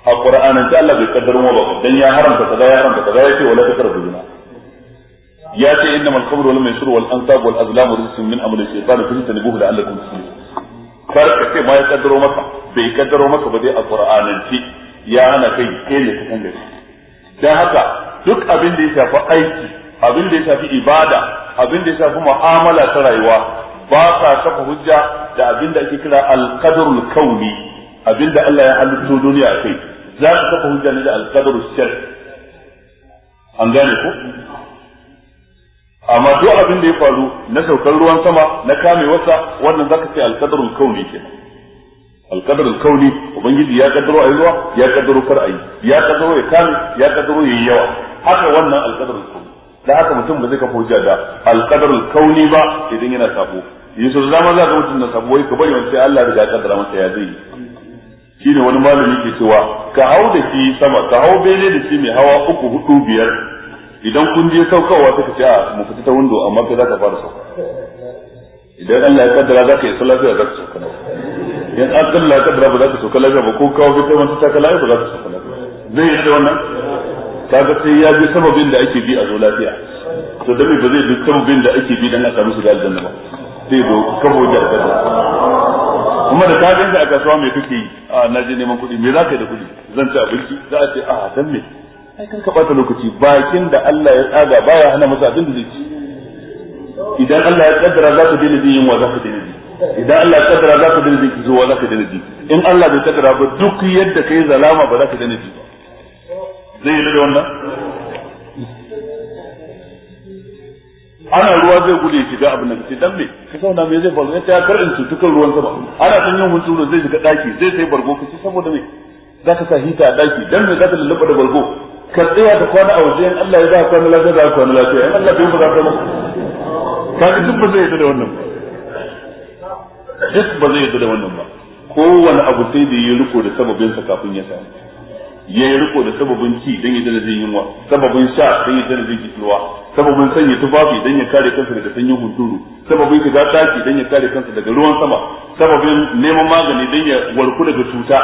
a Qur'anin ta Allah bai kaddaro mun ba dan ya haramta kaza ya haramta kaza ya ce wala takar juna. ya ce innamal khamru wal maisur wal ansab wal azlam rizqun min amali shaytan fa tantanibuhu la'allakum tuflihun kar ka ce ma ya kaddaro maka bai kaddaro maka ba dai a qur'ananci ya hana kai kai ne ka kangare dan haka duk abin da ya shafi aiki abin da ya shafi ibada abin da ya shafi mu'amala ta rayuwa ba sa kafa hujja da abin da ake kira al-qadrul kauni abin da Allah ya halitto duniya kai za ka kafa hujja ne da al-qadrul shar an gane ko amma duk abin da ya faru na saukar ruwan sama na kame wasa wannan zaka ce alqadarul kauni ke alqadarul kauni ubangiji ya kaddaro ayi ruwa ya kaddaro kar ayi ya kaddaro ya kame ya kaddaro ya yawa haka wannan alqadarul kauni da haka mutum ba zai kafa hujja da alqadarul kauni ba idan yana sabo su zama za ka mutum na sabo wai ka bari wani sai Allah ya kaddara masa ya zai shine wani malami ke cewa ka hau da shi sama ka hau bene da shi mai hawa uku hudu biyar idan kun je saukawa suka ce a ah, mu fita ta windo amma kai za ka fara sauka idan Allah ya kaddara za ka yi lafiya za ka sauka na idan Allah ya kaddara ba za ka sauka lafiya ba ko kawo kai wanda ta kala ba za ka sauka lafiya zai yi da wannan kaga sai ya bi sababin da ake bi a zo lafiya to da ba zai bi sababin da ake bi dan a samu shiga aljanna ba sai zo kabo da aljanna kuma da ka ganta a kasuwa mai kuke yi a ah, na je neman kuɗi me za ka yi da kuɗi zan ci abinci za a ce a ah, dan me ai kan ka bata lokaci bakin da Allah ya tsaga baya hana masa abin da zai ci idan Allah ya kaddara za ka daina yin wa za ka daina idan Allah ya kaddara za ka daina ji zuwa za ka daina in Allah bai kaddara ba duk yadda kai zalama ba za ka daina ji ba zai yi da wannan ana ruwa zai gudu shiga abin da ke dan me ka sauna me zai faru ne ya karin su tukan ruwan sama ana san yin hunturu zai shiga daki zai sai bargo kace saboda me ka sa hita a daki dan za ka lallaba da bargo ka tsaya ka kwana a waje in Allah ya za ka kwana lafiya za ka kwana lafiya in Allah bai ba za ka maka kaga duk ba zai yadda da wannan ba duk ba zai yadda da wannan ba kowane abu sai da ya riko da sababin sa kafin ya samu ya yi riko da sababin ci don ya dana jin yunwa sababin sha don ya dana jin kishirwa sababin sanya tufafi don ya kare kansa daga sanyin hunturu sababin shiga daki don ya kare kansa daga ruwan sama sababin neman magani don ya warku daga cuta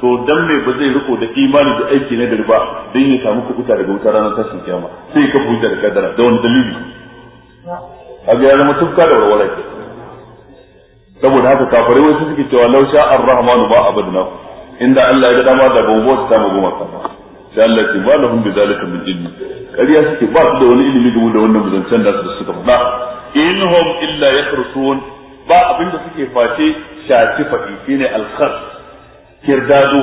to dan me ba zai riko da imani da aiki na dirba don ya samu kubuta daga wutar ranar tashin kiyama sai ka buja da kadara da wani dalili kaga ya zama tufka da warware saboda haka kafare wai su suke cewa law sha ar-rahmanu ba abadna inda Allah ya ga dama da gobe ta mu goma sama sai Allah ce ba lahum bi zalika min ilmi kariya suke ba su da wani ilimi game da wannan buzancen da su suka faɗa inhum illa yakhrusun ba abinda suke face shafi faɗi shine al kirdado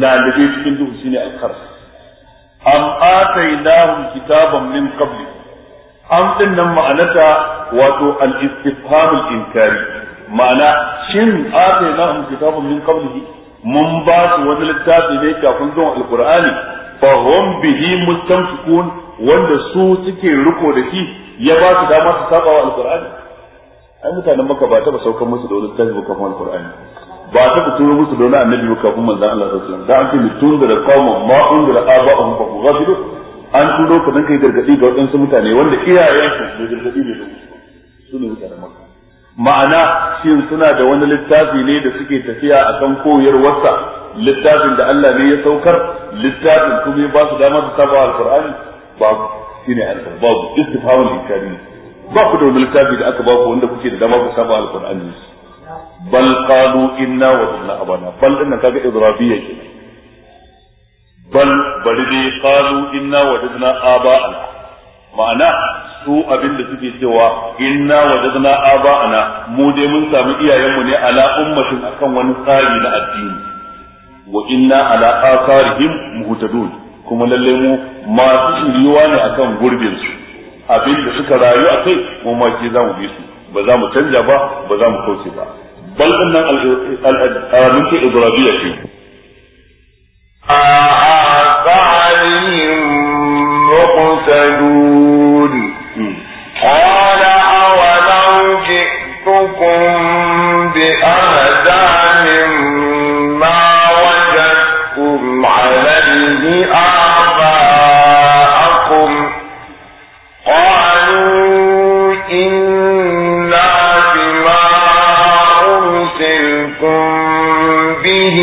lalabe cikin duhu shine al-kars am atainahum kitaban min qabli am din nan ma'anata wato al-istifham al-inkari ma'ana shin atainahum kitaban min qablihi mun ba su wani littafi ne kafin zuwan alqur'ani fa hum bihi mustamsikun wanda su suke riko da shi ya ba su dama su saba wa alqur'ani ai mutanen maka ba ta ba saukan musu da wani littafi ba kafin alqur'ani ba ta ku turo musu dole annabi ba kafin manzon Allah sallallahu alaihi wasallam da an ce mutun da qawma ma undira aba'ahum fa ghafir an turo ka dan kai gargadi ga wadansu mutane wanda iyayensu da gargadi ne su ne mutanen Makka ma'ana shi suna da wani littafi ne da suke tafiya a akan koyarwarsa littafin da Allah ne ya saukar littafin kuma ya ba su dama su saba alqur'ani babu shine alqur'ani babu istifhamul inkari ba ku da wani littafi da aka ba ku wanda kuke da dama ku saba alqur'ani bal qalu inna inna abana bal din nan kaga idrabiyya ke bal bari dai qalu inna inna aba'ana ma'ana su abin da suke cewa inna inna aba'ana mu dai mun samu iyayenmu ne ala ummatin akan wani tsari na addini wa inna ala asarihim muhtadun kuma lalle mu masu riwa ne akan gurbin su abin da suka rayu akai mu ma ke zamu bi su ba za mu canja ba ba za mu kauce ba bal din nan al'adun a ibrahiyya ce أعطاني مقتدون به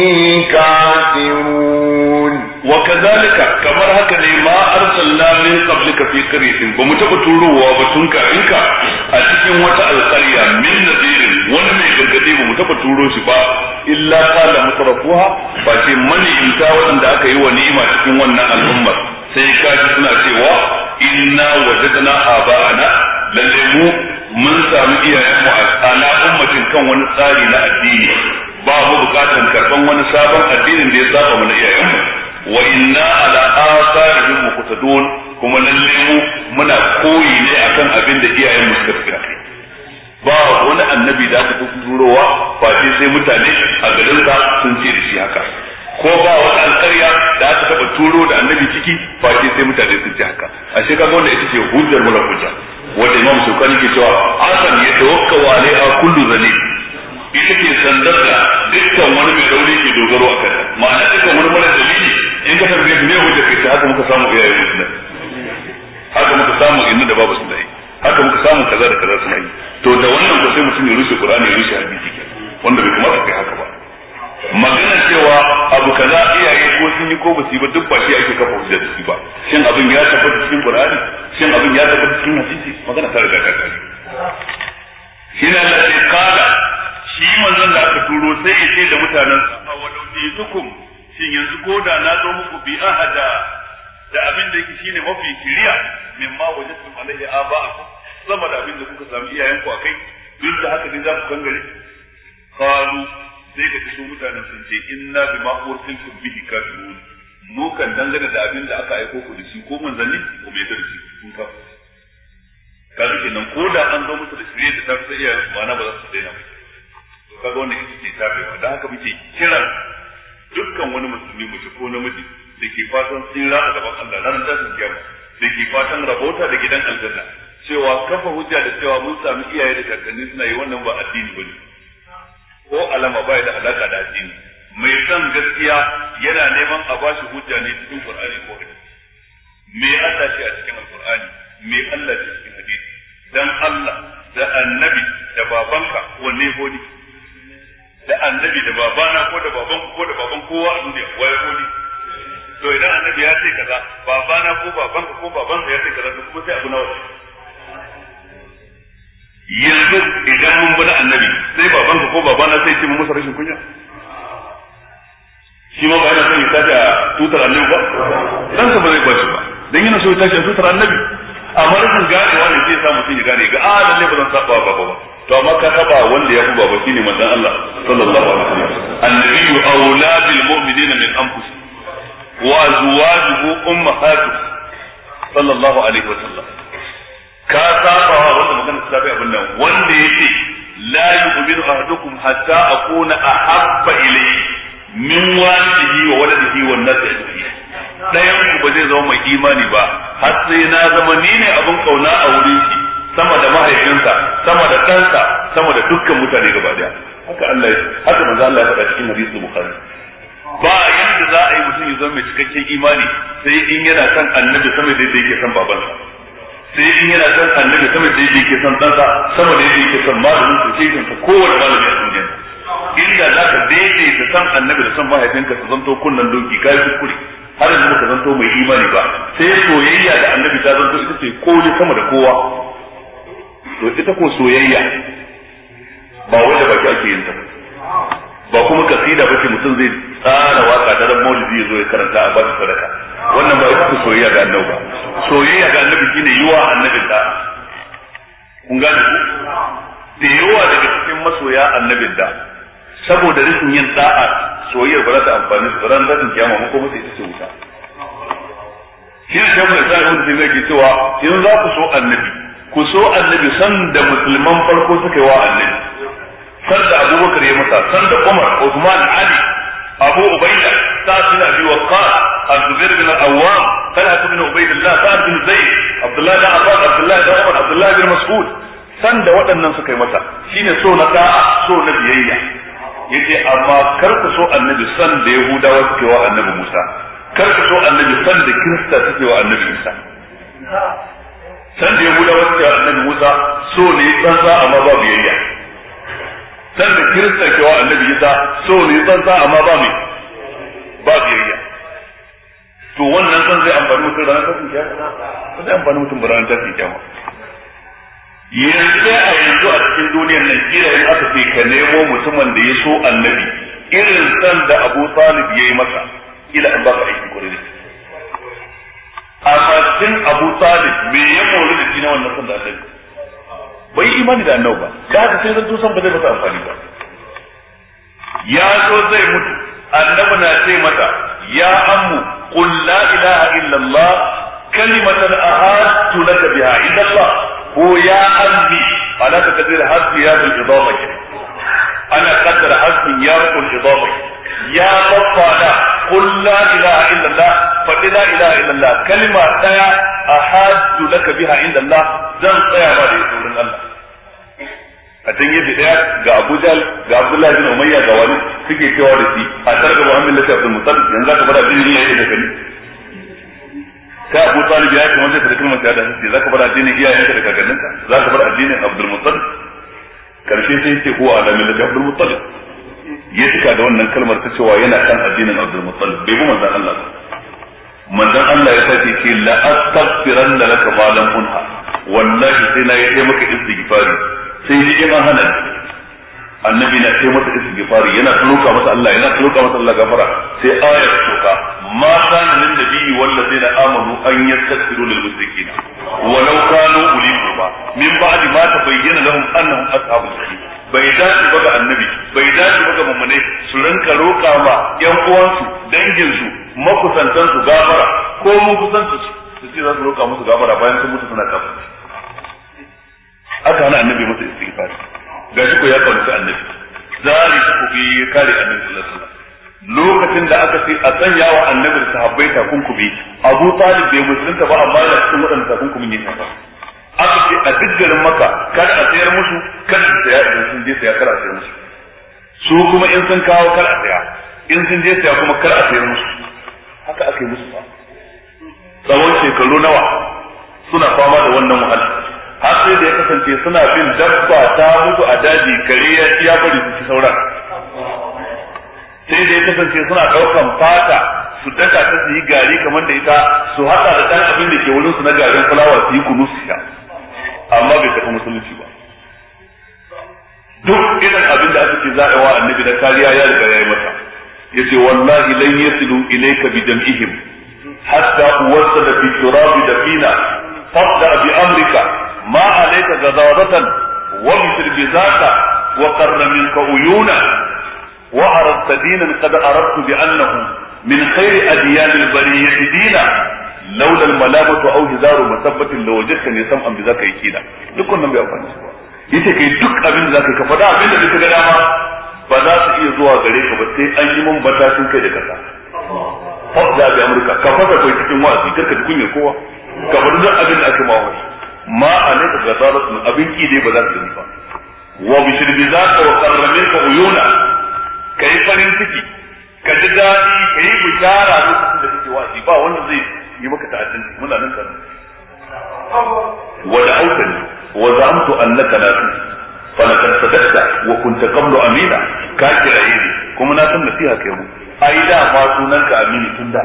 كافرون وكذلك كما هكذا ما أرسلنا من قبلك في قرية بمتبتلوا وبتنك إنك أتكين وتاء القرية من نذير ونمي قرقدي بمتبتلوا شفاء إلا قال مترفوها فأتي من إنتا وأن دعك يوى نعمة تكين ونا الأمة سيكاد سنة سوى إنا وجدنا آباءنا للمو mun samu iyayenmu a ala ummatin kan wani tsari na addini ba mu bukatan karban wani sabon addinin da ya saba mu na iyayenmu wa inna ala asarihim muqtadun kuma lalle mu muna koyi ne akan abin da iyayenmu suka fika ba wani annabi da aka turowa face sai mutane a garin ka sun ce da shi haka ko ba wani alƙarya da aka taɓa turo da annabi ciki face sai mutane sun ce haka ashe shekaru wanda ita ce hujjar mala hujja wanda imam shukani ke cewa asan ya wa alaiha kullu zalil ita ke sandar da dukkan wani mai dauri ke dogaro a kai. ma'ana dukkan wani mara dalili in ka tambaye ne wajen kai ta haka muka samu iyaye sunan haka muka samu inna da babu sunai haka muka samu kaza da kaza sunai to da wannan ko sai mutum ya rushe qur'ani ya rushe hadisi wanda bai kamata kai haka ba magana cewa abu kaza iyaye ko sun yi ko ba su ba duk ba shi ake kafa hujja da shi ba shin abin ya tabbata cikin qur'ani shin abin ya tabbata cikin hadisi magana ta riga ta shi ne Allah sai kala shi manzon da aka turo sai ya ce da mutanen sa walau tukum shin yanzu ko da na zo muku bi ahada da abin da yake shine mafi kiriya mimma wajadtum alaihi aba'akum sama da abin da kuka sami iyayenku akai duk da haka dai za ku kangare qalu sai ka su mutanen sun ce inna bima ursiltum bihi kafirun mu kan dangane da abin da aka aiko ku da shi ko manzanni ko mai da shi kun ka kaga kenan ko da an zo musu da shirye da ta fi iyayen ba ba za su daina ba to kaga wannan ita ce ta tabewa da haka muke kiran dukkan wani musulmi mace ko namiji da ke fatan tsira a gaban Allah ranar su kiyama da ke fatan rabota da gidan aljanna cewa kafa hujja da cewa mun sami iyaye da kakanni suna yi wannan ba addini bane alama ba da alaka da addini mai son gaskiya yana neman a ba shi hujja ne cikin qur'ani ko hadisi me Allah ce a cikin alqur'ani me Allah ce cikin hadisi dan Allah da annabi da babanka wanne hodi da annabi da babana ko da baban ko da baban kowa a duniya waye hodi to idan annabi ya ce kaza babana ko babanka ko babanka ya ce kaza to kuma sai abu na wani yanzu idan mun bada annabi sai baban ka ko babana sai ce mun masa rashin kunya shi ma ba yana son ya tashi a tutar annabi ba dan sa ba zai kwashi ba dan yana so ya tashi a tutar annabi amma rashin ganewa ne sai sa mutum ya gane ga a ah, lalle ba zan saba ba ba to amma ka saba wanda ya fi baba shine manzon Allah sallallahu alaihi wasallam annabi aula bil mu'minin min anfusihim wa azwajuhu ummahatuhum sallallahu alaihi wasallam ka saba wa wanda magana ta tafi abin nan wanda yake la yu'minu ahadukum hatta akuna ahabba ilayhi min walidihi wa waladihi wa nasihi ajma'in dayan ku ba zai zama mai imani ba har sai na zama ni ne abin kauna a wurin shi sama da mahaifinsa sama da ɗansa sama da dukkan mutane gaba daya haka Allah ya haka manzo Allah ya faɗa cikin hadisi Bukhari ba yadda za a yi mutum ya zama mai cikakken imani sai in yana son annabi sama da yake son babansa sai in yana san annabi sama da yake ke san ɗansa sama da yake san malamin su ke ta kowane malami a duniya inda za ka daidaita san annabi da san mahaifinka su zanto kunnan doki kai kuskure har yanzu ka zanto mai imani ba sai soyayya da annabi ta zanto ita ce koli sama da kowa to ita ko soyayya ba wanda baki ake yin ta ba kuma kasida bace mutum zai tsara waka ran maulidi ya zo ya karanta a ba sadaka wannan ba ita soyayya ga annabi ba soyayya ga annabi shine yiwa annabin da kun gane ku da yiwa daga cikin masoya annabin da saboda rikin yin da'a soyayyar ba za ta amfani su ba ran zatin kiyama ko ba sai ita ce wuta shi ne sai mai sai wanda zai ke cewa in za ku so annabi ku so annabi san da musulman farko suka yi wa annabi san da abubakar ya masa san da umar usman ali abu ubaida sa'ad bin abi waqqas عبد الزبير بن العوام طلحة بن عبيد الله سعد بن زيد عبد الله بن عباس عبد الله بن عمر عبد الله بن مسعود san da waɗannan suka yi mata ne so na da'a so na biyayya Ya ce amma kar ku so annabi san da yahudawa suke wa annabi Musa kar ku so annabi san da kirista suke wa annabi Isa san da yahudawa suke wa annabi Musa so ne tsantsa amma ba biyayya san da kirista ke wa annabi Isa so ne tsantsa amma ba mai ba biyayya to wannan san zai amfani mutum ranar tashin kyamu zai amfani mutum ba ranar tashin kyamu yanzu a yanzu a cikin duniyar nan kira in aka ce ka nemo mutumin da ya so annabi irin san da Abu Talib yi masa kila an ka aikin kwarai da a tun Abu Talib me ya mori da shi na wannan san da annabi bai imani da annabi ba ka haka sai zan san ba zai masa amfani ba ya so zai mutu annabi na ce mata ya ammu qul la ilaha illa allah kalimatan ahadtu laka biha inda allah ko ya ammi ala takdir hasbi ya bil idama ana qadar hasbi ya bil idama ya babbana qul la ilaha illa allah faɗi la ilaha illa allah kalma daya ahadtu laka biha inda allah zan tsaya ba da wurin allah a can gefe daya ga abujal ga Abdullahi bin Umayya ga wani suke cewa da shi a tarka Muhammad lati Abdul Muttalib yanzu ka fara addini yayin da kani ta Abu Talib ya ce wanda da kalmar shahada sai ka fara addini iyayenka da kakanninka ka fara addinin Abdul Muttalib karshe sai yake a ala lafi Abdul Muttalib ya cika da wannan kalmar ta cewa yana kan addinin Abdul Muttalib bai bi manzon Allah manzon Allah ya sace ce la astaghfiranna laka ma lam unha wallahi sai na yi maka istighfari sai ji in an hana annabi na kai masa istighfari yana tuluka masa Allah yana tuluka masa Allah gafara sai ayar tuka ma kana lin nabiyyi na amanu an yi yastaghfiru lil mushrikeena walau kanu uli qurba min ba'di ma tabayyana lahum annahum ashabul jahim bai dace ba ga annabi bai dace ba ga mummune su rinka roƙa ma ƴan uwansu danginsu makusantansu gafara ko mun kusantansu su ce za su roƙa musu gafara bayan sun mutu suna kafa. a sanya wa annabi da sahabbai takunkumi abu talib bai musulunta ba amma yana cikin waɗanda takunkumin ya shafa aka ce a duk garin maka kar a sayar musu kar su saya idan sun je saya kar a sayar musu su kuma in sun kawo kar a saya in sun je saya kuma kar a sayar musu haka aka yi musu ba tsawon shekaru nawa suna fama da wannan wahala har sai da ya kasance suna bin dabba ta mutu a daji kare ya bari su ci sauran sai da ya kasance suna daukan fata su daka ta su yi gari kamar da ita su haɗa da ɗan abin da ke wurin su na garin fulawa su yi kunu su sha amma bai tafi musulunci ba duk irin abin da aka ce za a wa annabi na kariya ya riga ya yi masa ce wallahi lan yasilu ilayka bi jam'ihim hatta da fi turabi fina. fadda bi amrika ma alayka gazawatan wa bisir bizaka wa qarra minka uyuna وعرضت دينا قد أردت بأنه من خير أديان البرية دينا لولا الملامة أو هزار مثبة لوجدتني سمعا بذاك يكينا لكل نبي أفعل yace kai duk abin da ka faɗa abin da kika dama ba za su iya zuwa gare ka ba sai an yi mun batacin kai da kasa fasa bi amurka ka fasa kai cikin wa'azi karka ji kunya kowa ka faɗi duk abin da aka ma wani ma alaika ga zaratun abin ki dai ba za su yi ba wa bishir bi za ka wa karrame ka uyuna ka yi farin ciki ka ji daɗi ka yi bishara lokacin da kake wa'azi ba wanda zai yi maka ta'addanci muna nan tare wa da'awtani wa za'amtu annaka la falakar sadakta wa kunta qablu amina ka kiraye ni kuma na san nasiha kai mu ai da ma sunanka amini tun da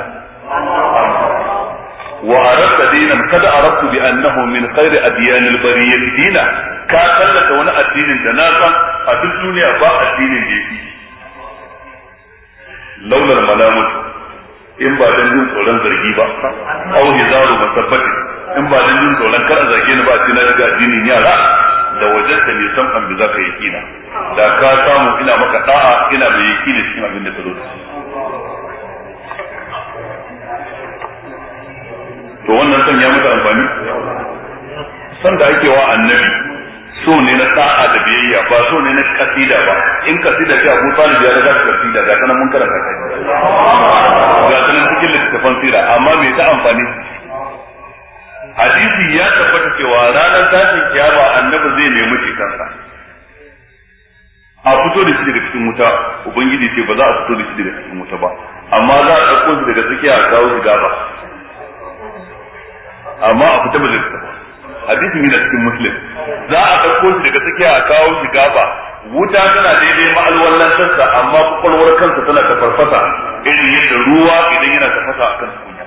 wa arabta dinan kada arabtu bi annahu min khairi adyan al bariyah dina ka sallata wani addinin da na san a duk duniya ba addinin da yake launar malamun in ba don jin tsoron zargi ba aw hizaru masabbati in ba don jin tsoron kar zage ni ba sai na daga addinin yara da wajenta ne san an bi yi yakina da ka samu ina maka da'a ina mai kina cikin abin da ka zo to wannan son ya muka amfani son da ake wa annabi so ne na sa'a da biyayya ba so ne na kasida ba in kasida shi Abu Talib ya riga shi kasida ga sanan mun karanta kai ga sanan cikin littafin sira amma me ta amfani hadisi ya tabbata cewa ranar tashin kiyama annabi zai nemi cikansa a fito da shi daga cikin wuta ubangiji ce ba za a fito da shi daga cikin wuta ba amma za a ɗauko shi daga tsakiya a kawo shiga ba. amma a fita ba zai fita ba ne da cikin muslim za a ɗauko shi daga tsakiya a kawo shi gaba wuta tana daidai ma'alwallan sassa amma kwakwalwar kansa tana ta farfasa irin yadda ruwa idan yana tafasa a kan tukunya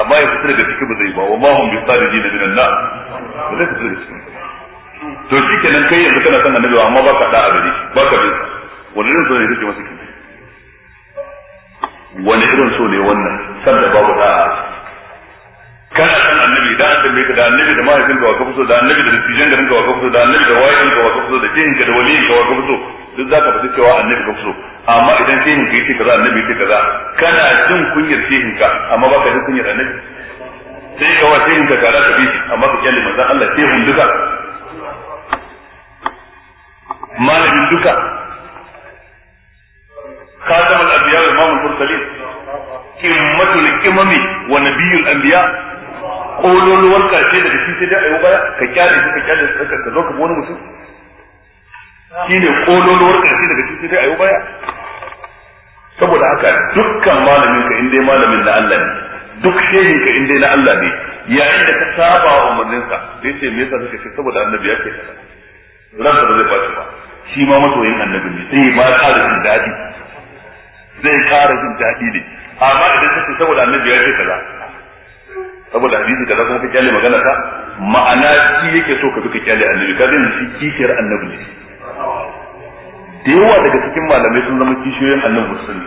amma ya fitar da ciki ba zai ba wa mahum bi ji da minan na ba zai fita daga ciki to shi kenan kai yanzu kana son annabi amma ba ka da'a gare ba ka bin wani irin so ya masa kin wani irin so ne wannan sanda babu da'a kana san annabi idan an tambaye ka da annabi da mahaifin ka waka fito da annabi da dattijan garin ka waka fito da annabi da wayan ka waka fito da kihin ka da waliyin ka waka fito duk zaka fita cewa annabi ka fito amma idan kihin ka yace kaza annabi yace kaza kana jin kunyar kihin ka amma baka jin kunyar annabi sai ka wace kihin ka kaza ka bi amma ka kyale manzon Allah hun duka malamin duka خاتم الأنبياء والإمام المرسلين قمة wa nabiyul anbiya. Ko kololuwar karshe daga shi sai dai ayo baya ka kyale shi ka kyale shi ka zo ka bi wani mutum shi ne kololuwar karshe daga shi sai dai ayo baya saboda haka dukkan malamin ka in dai malamin na Allah ne duk shehin ka in dai na Allah ne yayin da ka saba wa umarninsa sai ce me yasa kake saboda annabi ya ce ranka ba zai faci ba shi ma masoyin annabi ne sai ma ƙara jin daɗi zai ƙara jin daɗi ne amma idan kake saboda annabi ya kaza saboda hadisi kaza kuma ka kyale magana ta ma'ana shi yake so ka bi ka kyale annabi ka zai shi kishiyar annabi ne da yawa daga cikin malamai sun zama kishiyoyin annabi sun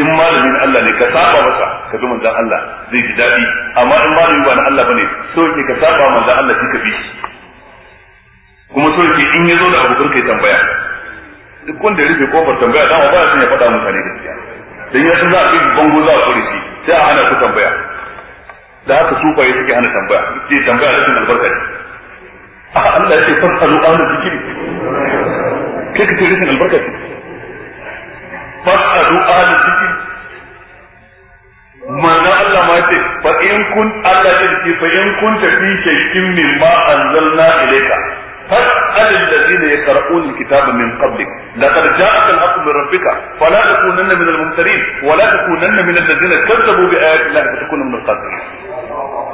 in malamin Allah ne ka saba masa ka bi manzon Allah zai ji daɗi amma in malamin ba na Allah bane so yake ka saba manzon Allah shi ka bi kuma so yake in ya zo da abu kai tambaya duk wanda ya rufe kofar tambaya dama ba ya ya faɗa mutane gaskiya dan ya san za a yi bango za a kore shi sai a hana su tambaya da haka sufaye suke hana tambaya ce tambaya rashin albarka ne a Allah ya ce fasalu ahlu zikri kai ka ce rashin albarka ce fasalu ahlu zikri Mana Allah ma ce fa in kun Allah ya ce fa in kun tafi min ma anzalna ilayka فاسأل الذين يقرؤون الكتاب من قبلك لقد جاءك الحق من ربك فلا تكونن من الممترين ولا تكونن من الذين كذبوا بآيات الله فتكون من القاتلين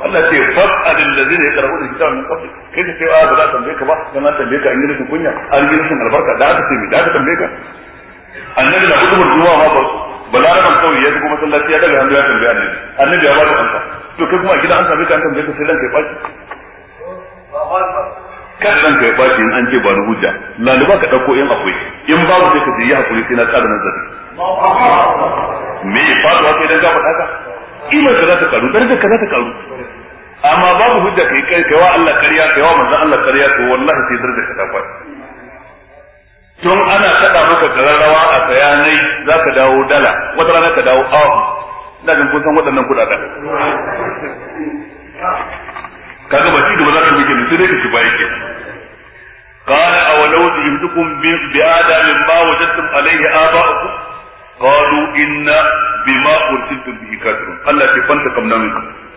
الله يقول فاسأل الذين يقرؤون الكتاب من قبلك كيف في آه لا تنبيك بح كما تنبيك أن يلسوا كنيا أن من البركة لا تسيبي لا تنبيك النبي لابد من الجواء ما بس بلا رقم قوي يجبوا مثلا لا تيادة لهم لا تنبيك النبي النبي أبادي أنت فكيف ما كده أنت بيك أنت بيك سيلا كيف kar ranka ya baci in an ce ba ni hujja laluba ka dauko in akwai in babu sai ka ji ya hakuri sai na nan nazari me faduwa sai dan ga faɗa ka kimar ka za ta karu dan ka za ta karu amma babu hujja kai kai kai wa Allah kariya kai wa manzo Allah kariya to wallahi sai darajar ka ta faɗi tun ana kada maka gararrawa a bayanai za ka dawo dala wata rana ka dawo awa ina jin kun san waɗannan kuɗaɗen kaga ba ci gaba za ka yi kenan sai dai ka shiga yake qala aw law yuhdikum bi adam ma wajadtum alayhi aba'ukum qalu inna bima ursiltum bihi kafirun Allah ya fanta kamna min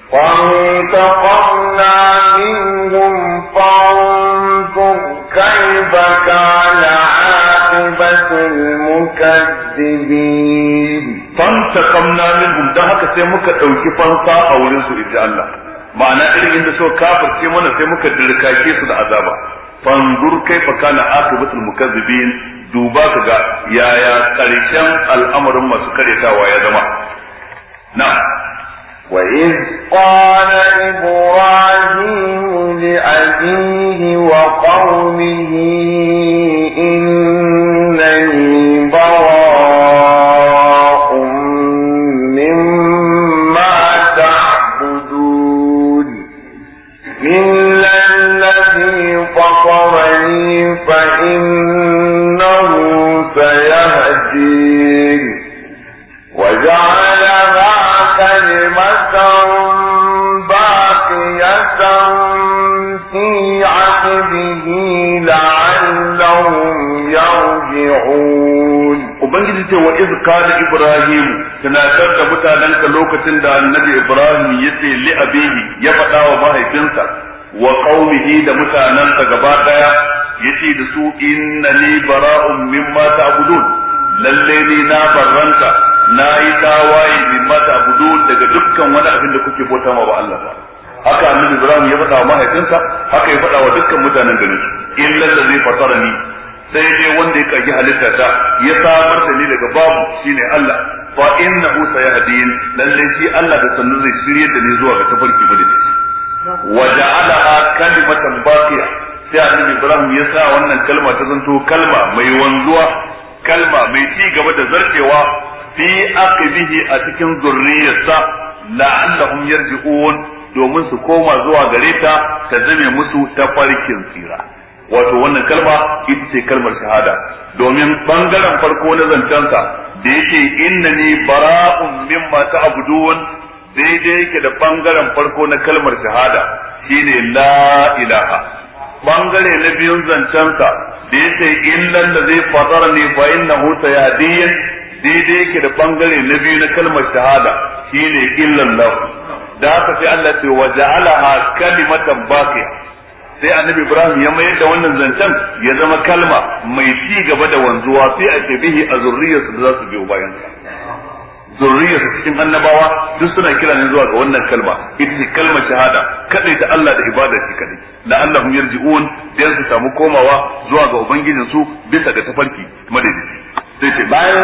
فانتقمنا منهم فانظر كيف كان عاقبة المكذبين فانتقمنا منهم ده هكا سيمك توكي فانصا أولي سوء الله ma'ana irin inda so kafirce mana sai muka dirkake su da azaba fanzur kaifa kana akibatul mukazzibin duba ka ga yaya karshen al'amarin masu karyatawa ya zama na. na'am وإذ قال إبراهيم wa وقومه إن إنه سيهدين وجعلها كلمة باقية في عقبه لعلهم يرجعون wa وإذ قال إبراهيم tunatar da mutanenka lokacin da annabi Ibrahim ya ce li abihi ya faɗa wa mahaifinsa wa qaumihi da mutanensa gaba daya yace da su innani bara'un mimma ta'budun lalle ni na barranta na yi tawaye mimma ta'budun daga dukkan wani abin da kuke bauta ma ba Allah ba haka annabi Ibrahim ya faɗa wa mahaifinsa haka ya faɗa wa dukkan mutanen garin illa allazi fatarani sai dai wanda ya kage halitta ta ya samar da ni daga babu shine Allah fa innahu sayahdin lalle shi Allah da sannu zai shiryar da ni zuwa ga tafarki gudu wa ja'alaha kalimatan baqiya sai annabi Ibrahim ya sa wannan kalma ta zanto kalma mai wanzuwa kalma mai ci gaba da zartewa fi aqibihi a cikin zurriyarsa la'allahum yarji'un domin su koma zuwa gare ta ta zame musu ta farkin tsira wato wannan kalma ita ce kalmar shahada domin bangaren farko na zancensa da yake innani bara'un mimma ta'budun daidai yake da bangaren farko na kalmar shahada shine la ilaha bangare na biyun zancensa da fatar ne bayan na huta ya sayadin daidai yake da bangare na biyu na kalmar shahada shine illan lahu da aka fi Allah ce wa ha kalimatan baqiya sai annabi Ibrahim ya mayar da wannan zancen ya zama kalma mai ci gaba da wanzuwa sai a ce bihi a zurriyarsa da za su biyo bayan zuriyarsa cikin annabawa duk suna kira ne zuwa ga wannan kalma ita ce kalmar shahada kadai ta Allah da ibada shi kadai allah allahum yarji'un dan su samu komawa zuwa ga ubangijin su bisa ga tafarki madadi sai ce bal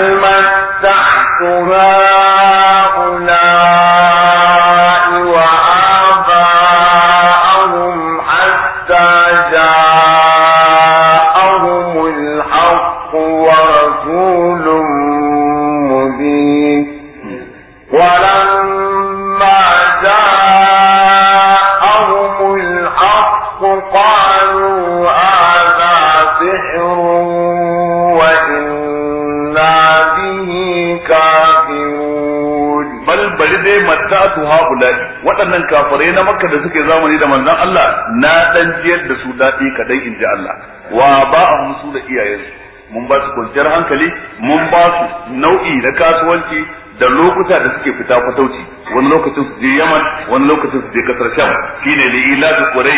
matta'atu haula'i waɗannan kafirai na makka da suke zamani da manzon Allah na dan jiyar da su dadi kadai inji Allah wa a hunsu da iyayensu mun ba su kwanciyar hankali mun ba su nau'i na kasuwanci da lokuta da suke fita fatauci wani lokacin su je Yaman wani lokacin su je kasar Sham shine da ilatu da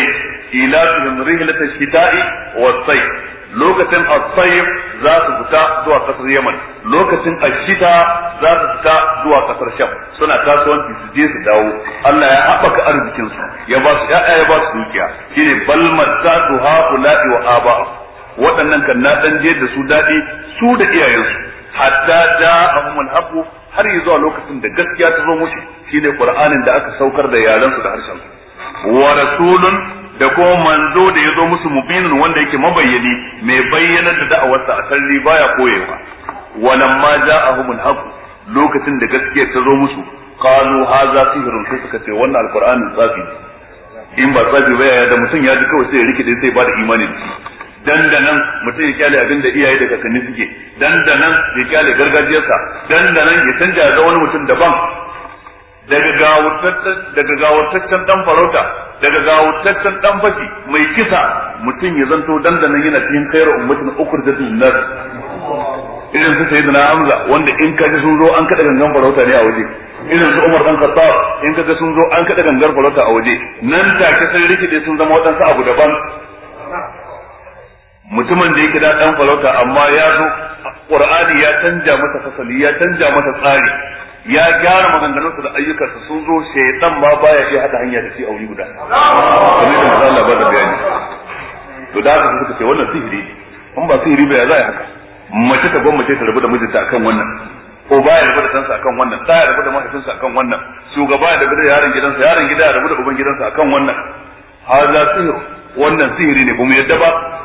ilatu rihlata shita'i wa sayf lokacin a sayf za su fita zuwa kasar Yaman lokacin shita za su fita zuwa kasar Sham suna kasuwanci su je su dawo Allah ya haɓaka arzikin su ya ba su ya'ya ya ba su dukiya shine bal mazzatu haula'i wa aba waɗannan kan na dan je da su daɗi su da iyayensu hatta da al haqu har zuwa lokacin da gaskiya ta zo musu shine qur'anin da aka saukar da yarensu da harshen wa rasulun da kuma manzo da ya zo musu mubinin wanda yake mabayyani mai bayyana da da'awarsa a sarri baya koyewa walamma ja'ahum al lokacin da gaskiya ta zo musu qalu hadha sihrun sai suka ce wannan alqur'anin tsafi in ba tsafi ba ya da mutum ya ji kawai sai ya rikide sai ba da imani da shi dandanan mutum ya kyale abin da iyaye da kakanni suke dandanan ya kyale gargajiyarsa dandanan ya canja ga wani mutum daban daga gawurtaccen dan farauta daga gawurtaccen dan fashi mai kisa mutum ya zanto dandanan yana cikin kairar ummatin ukur da dinar idan su na amza wanda in ka ji sun zo an kada gangan farauta ne a waje idan su Umar dan Khattab in ka ga sun zo an kada gangan farauta a waje nan take sai rikide sun zama wadansu abu daban mutumin da yake da dan farauta amma ya zo qur'ani ya canja masa fasali ya canja masa tsari ya gyara maganganunsa da ayyukansa sun zo shaytan ma baya iya hada hanya da shi a wuri guda kamar da Allah ba da bayani to da haka suka ce wannan sihiri in ba sihiri ba ya za haka mace ta gwamnati ta rabu da mijinta akan wannan ko baya rabu da sansa akan wannan ɗaya ya rabu da mahaifinsa akan wannan shugaba ya rabu da yaron gidansa yaron gida ya rabu da uban gidansa akan wannan haza sihir wannan sihiri ne kuma yadda ba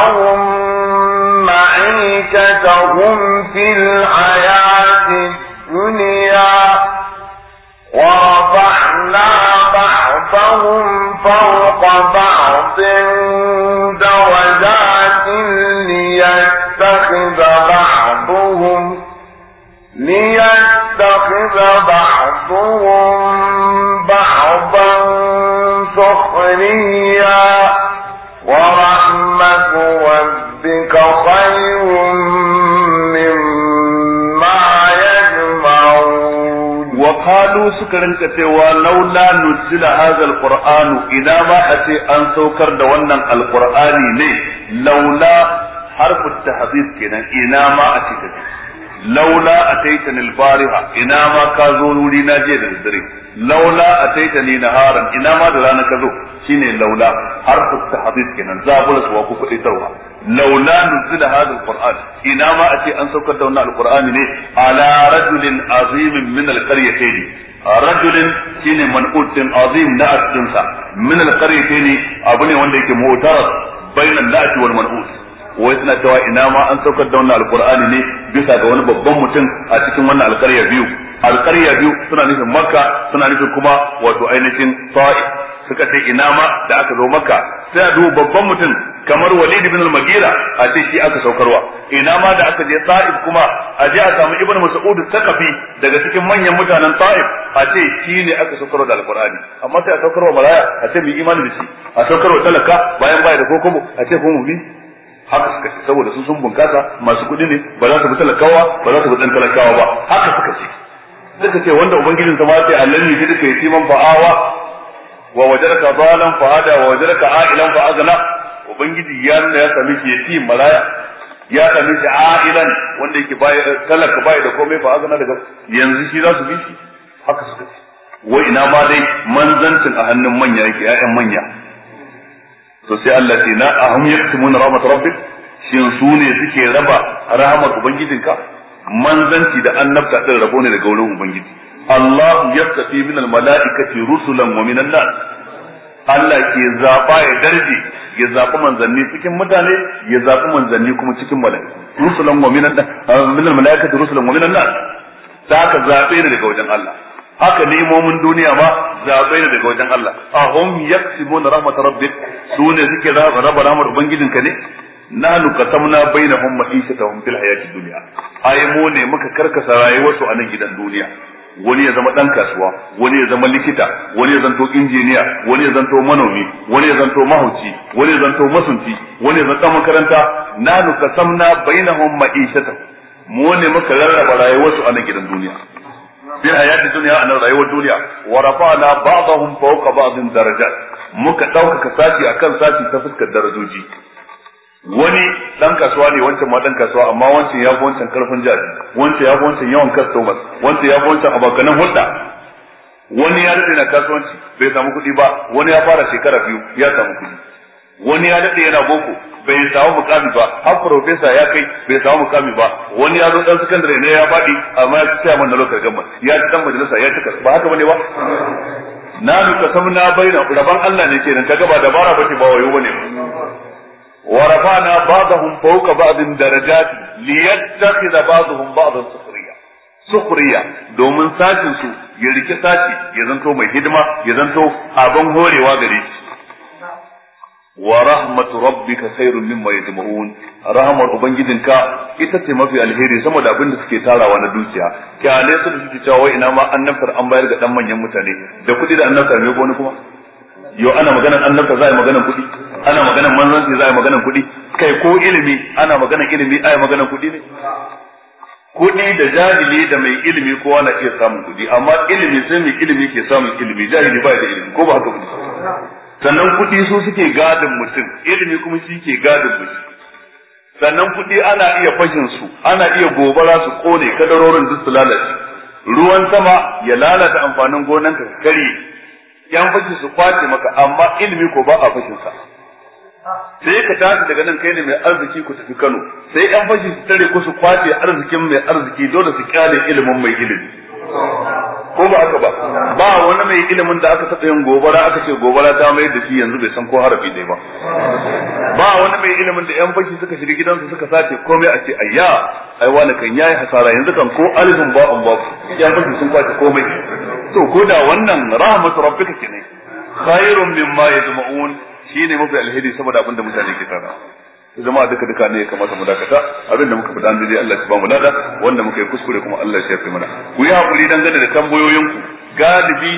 معهم معيشتهم في الحياة الدنيا ورفعنا بعضهم فوق بعض درجات ليتخذ بعضهم ليتخذ بعضهم بعضا سخريا ربك خير مما يجمعون وقالوا سكرن كتوا لولا نزل هذا القرآن إذا ما أتي أن سوكر دوانا القرآن ليه لولا حرف التحديث كنا إلى ما أتي كتوا laula ataitani al-fariha ina ma ka zo wuri na je da dare laula ataitani naharan ina ma da rana ka zo shine laula harfu tahdid kenan zabura wa ku kudi tarwa laula nuzila hadha al ina ma ace an saukar da wannan al ne ala rajulin azimin min al-qaryatayn rajulin shine man'ud azim na asdinsa min al-qaryatayn abu ne wanda yake mu'tarar bainan la'ati wal man'ud wai suna cewa ina ma an saukar da wannan alkur'ani ne bisa ga wani babban mutum a cikin wannan alkarya biyu alkarya biyu suna nufin makka suna nufin kuma wato ainihin sa'i suka ce ina ma da aka zo makka sai a duba babban mutum kamar walid ibn al magira a ce shi aka saukarwa ina ma da aka je sa'i kuma a je a samu ibn mas'ud sakafi daga cikin manyan mutanen sa'i a ce shi ne aka saukarwa da alkur'ani amma sai a saukarwa malaya a ce mu imani da shi a saukarwa talaka bayan baya da kokobo a ce ko mu bi haka suka ce saboda su sun bunkasa masu kuɗi ne ba za su bi talakawa ba za su bi ɗan talakawa ba haka suka ce suka ce wanda ubangijin sama ya ce allani shi duka ya yatiman fa'awa wa wajarka zalan fa'ada wa wajarka a'ilan fa'azana. ubangiji ya nuna ya sami shi ya ci malaya ya sami shi a'ilan wanda yake talaka bai da komai fa'azana daga yanzu shi za su bi shi haka suka ce wa ina ma dai manzancin a hannun manya yake ƴaƴan manya to sai Allah ce na ahum yaktumuna rahmat rabbik shin su ne suke raba rahmat ubangijinka manzanci da annabta din rabo ne daga wurin ubangiji Allah yaktafi min al malaikati rusulan wa min an Allah ke zaba ya darje ya zaɓi manzanni cikin mutane ya zaɓi manzanni kuma cikin mala'iku rusulan wa min an min al malaikati rusulan wa min an ta ka zabe ne daga wajen Allah haka ni'imomin duniya ba zaɓe ne daga wajen Allah a yaksi mona rahmat rabbi su ne suke raba ramar ubangijinka ne Na nanu katamna bainahum ma'ishatahum fil hayati dunya ai mu ne muka karkasa rayuwarsu a nan gidan duniya wani ya zama dan kasuwa wani ya zama likita wani ya zanto injiniya wani ya zanto manomi wani ya zanto mahauci wani ya zanto masunci wani ya zanto makaranta na nanu kasamna bainahum ta mu ne muka rarraba rayuwarsu a nan gidan duniya fil hayati dunya a rayuwar duniya wa rafa'na ba'dahum fawqa ba'din darajat muka ɗaukaka sati akan sati ta fuskar darajoji wani ɗan kasuwa ne wancan ma ɗan kasuwa amma wancan ya fi wancan karfin jari wancan ya fi wancan yawan customers wancan ya fi wancan abokanan hulɗa wani ya daɗe na kasuwanci bai samu kuɗi ba wani ya fara shekara biyu ya samu kuɗi wani ya daɗe yana boko bai samu mukami ba har profesa ya kai bai samu mukami ba wani ya zo ɗan sakandare ne ya faɗi amma ya tsaya mana na lokacin ya ci ɗan majalisa ya ci ba haka bane ba na nuka na bayyana rabon Allah ne kenan kaga ba dabara bace ba wayo bane wa rafa'na ba'dahum fawqa ba'din darajat liyattakhidha ba'dahum ba'dan sukhriya sukhriya domin sakin su ya rike saki ya zanto mai hidima ya zanto abin horewa gare shi wa rahmatu rabbika khairun mimma yajma'un rahmar ubangijinka ita ce mafi alheri sama da abin da suke tarawa na dukiya kyale su da suke cewa ina ma annabtar an bayar ga dan manyan mutane da kuɗi da annabtar ne ko wani kuma yo ana magana annabta za a yi magana kuɗi ana magana manzanci za a yi magana kuɗi kai ko ilimi ana magana ilimi ai magana kudi kuɗi ne kuɗi da jahili da mai ilimi kowa na iya samun kuɗi amma ilimi sai mai ilimi ke samun ilimi jahili ba da ilimi ko ba haka kuɗi sannan kuɗi su suke gadin mutum ilimi kuma shi ke gadin mutum sannan kuɗi ana iya fashin su ana iya gobara su kone kadarorin duk su lalace ruwan sama ya lalata amfanin gonan ka kare yan fashin su kwace maka amma ilimi ko ba a fashin sa sai ka tashi daga nan kai ne mai arziki ku tafi Kano sai yan fashin su tare ku su kwace arzikin mai arziki dole su kyale ilimin mai ilimi ko ba haka ba ba wani mai ilimin da aka taɓa yin gobara aka ce gobara ta mai da shi yanzu bai san ko harafi dai ba ba wani mai ilimin da yan fashi suka shiga gidansu suka sace komai a ce ayya ai wani kan yayi hasara yanzu kan ko alifin ba an ba yan fashi sun kwace komai to ko da wannan rahmatu rabbika kenan khairun mimma yajma'un shine mafi alheri saboda abinda mutane ke tara zama duka duka ne ya kamata mu dakata abin da muka faɗa dai Allah ya ba mu lada wanda muka yi kuskure kuma Allah ya shafe mana ku yi hakuri gane da tambayoyinku galibi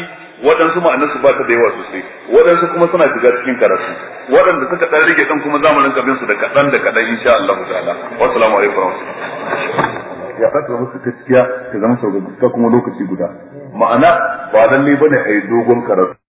waɗansu ma'anarsu ba ta da yawa sosai waɗansu kuma suna shiga cikin karatu waɗanda suka ɗan rage ɗan kuma zamanin kabin su da kaɗan da kaɗan insha Allah ta'ala salamu alaikum ya fata musu gaskiya ta zama sauƙaƙa kuma lokaci guda ma'ana ba ne bane a yi dogon karatu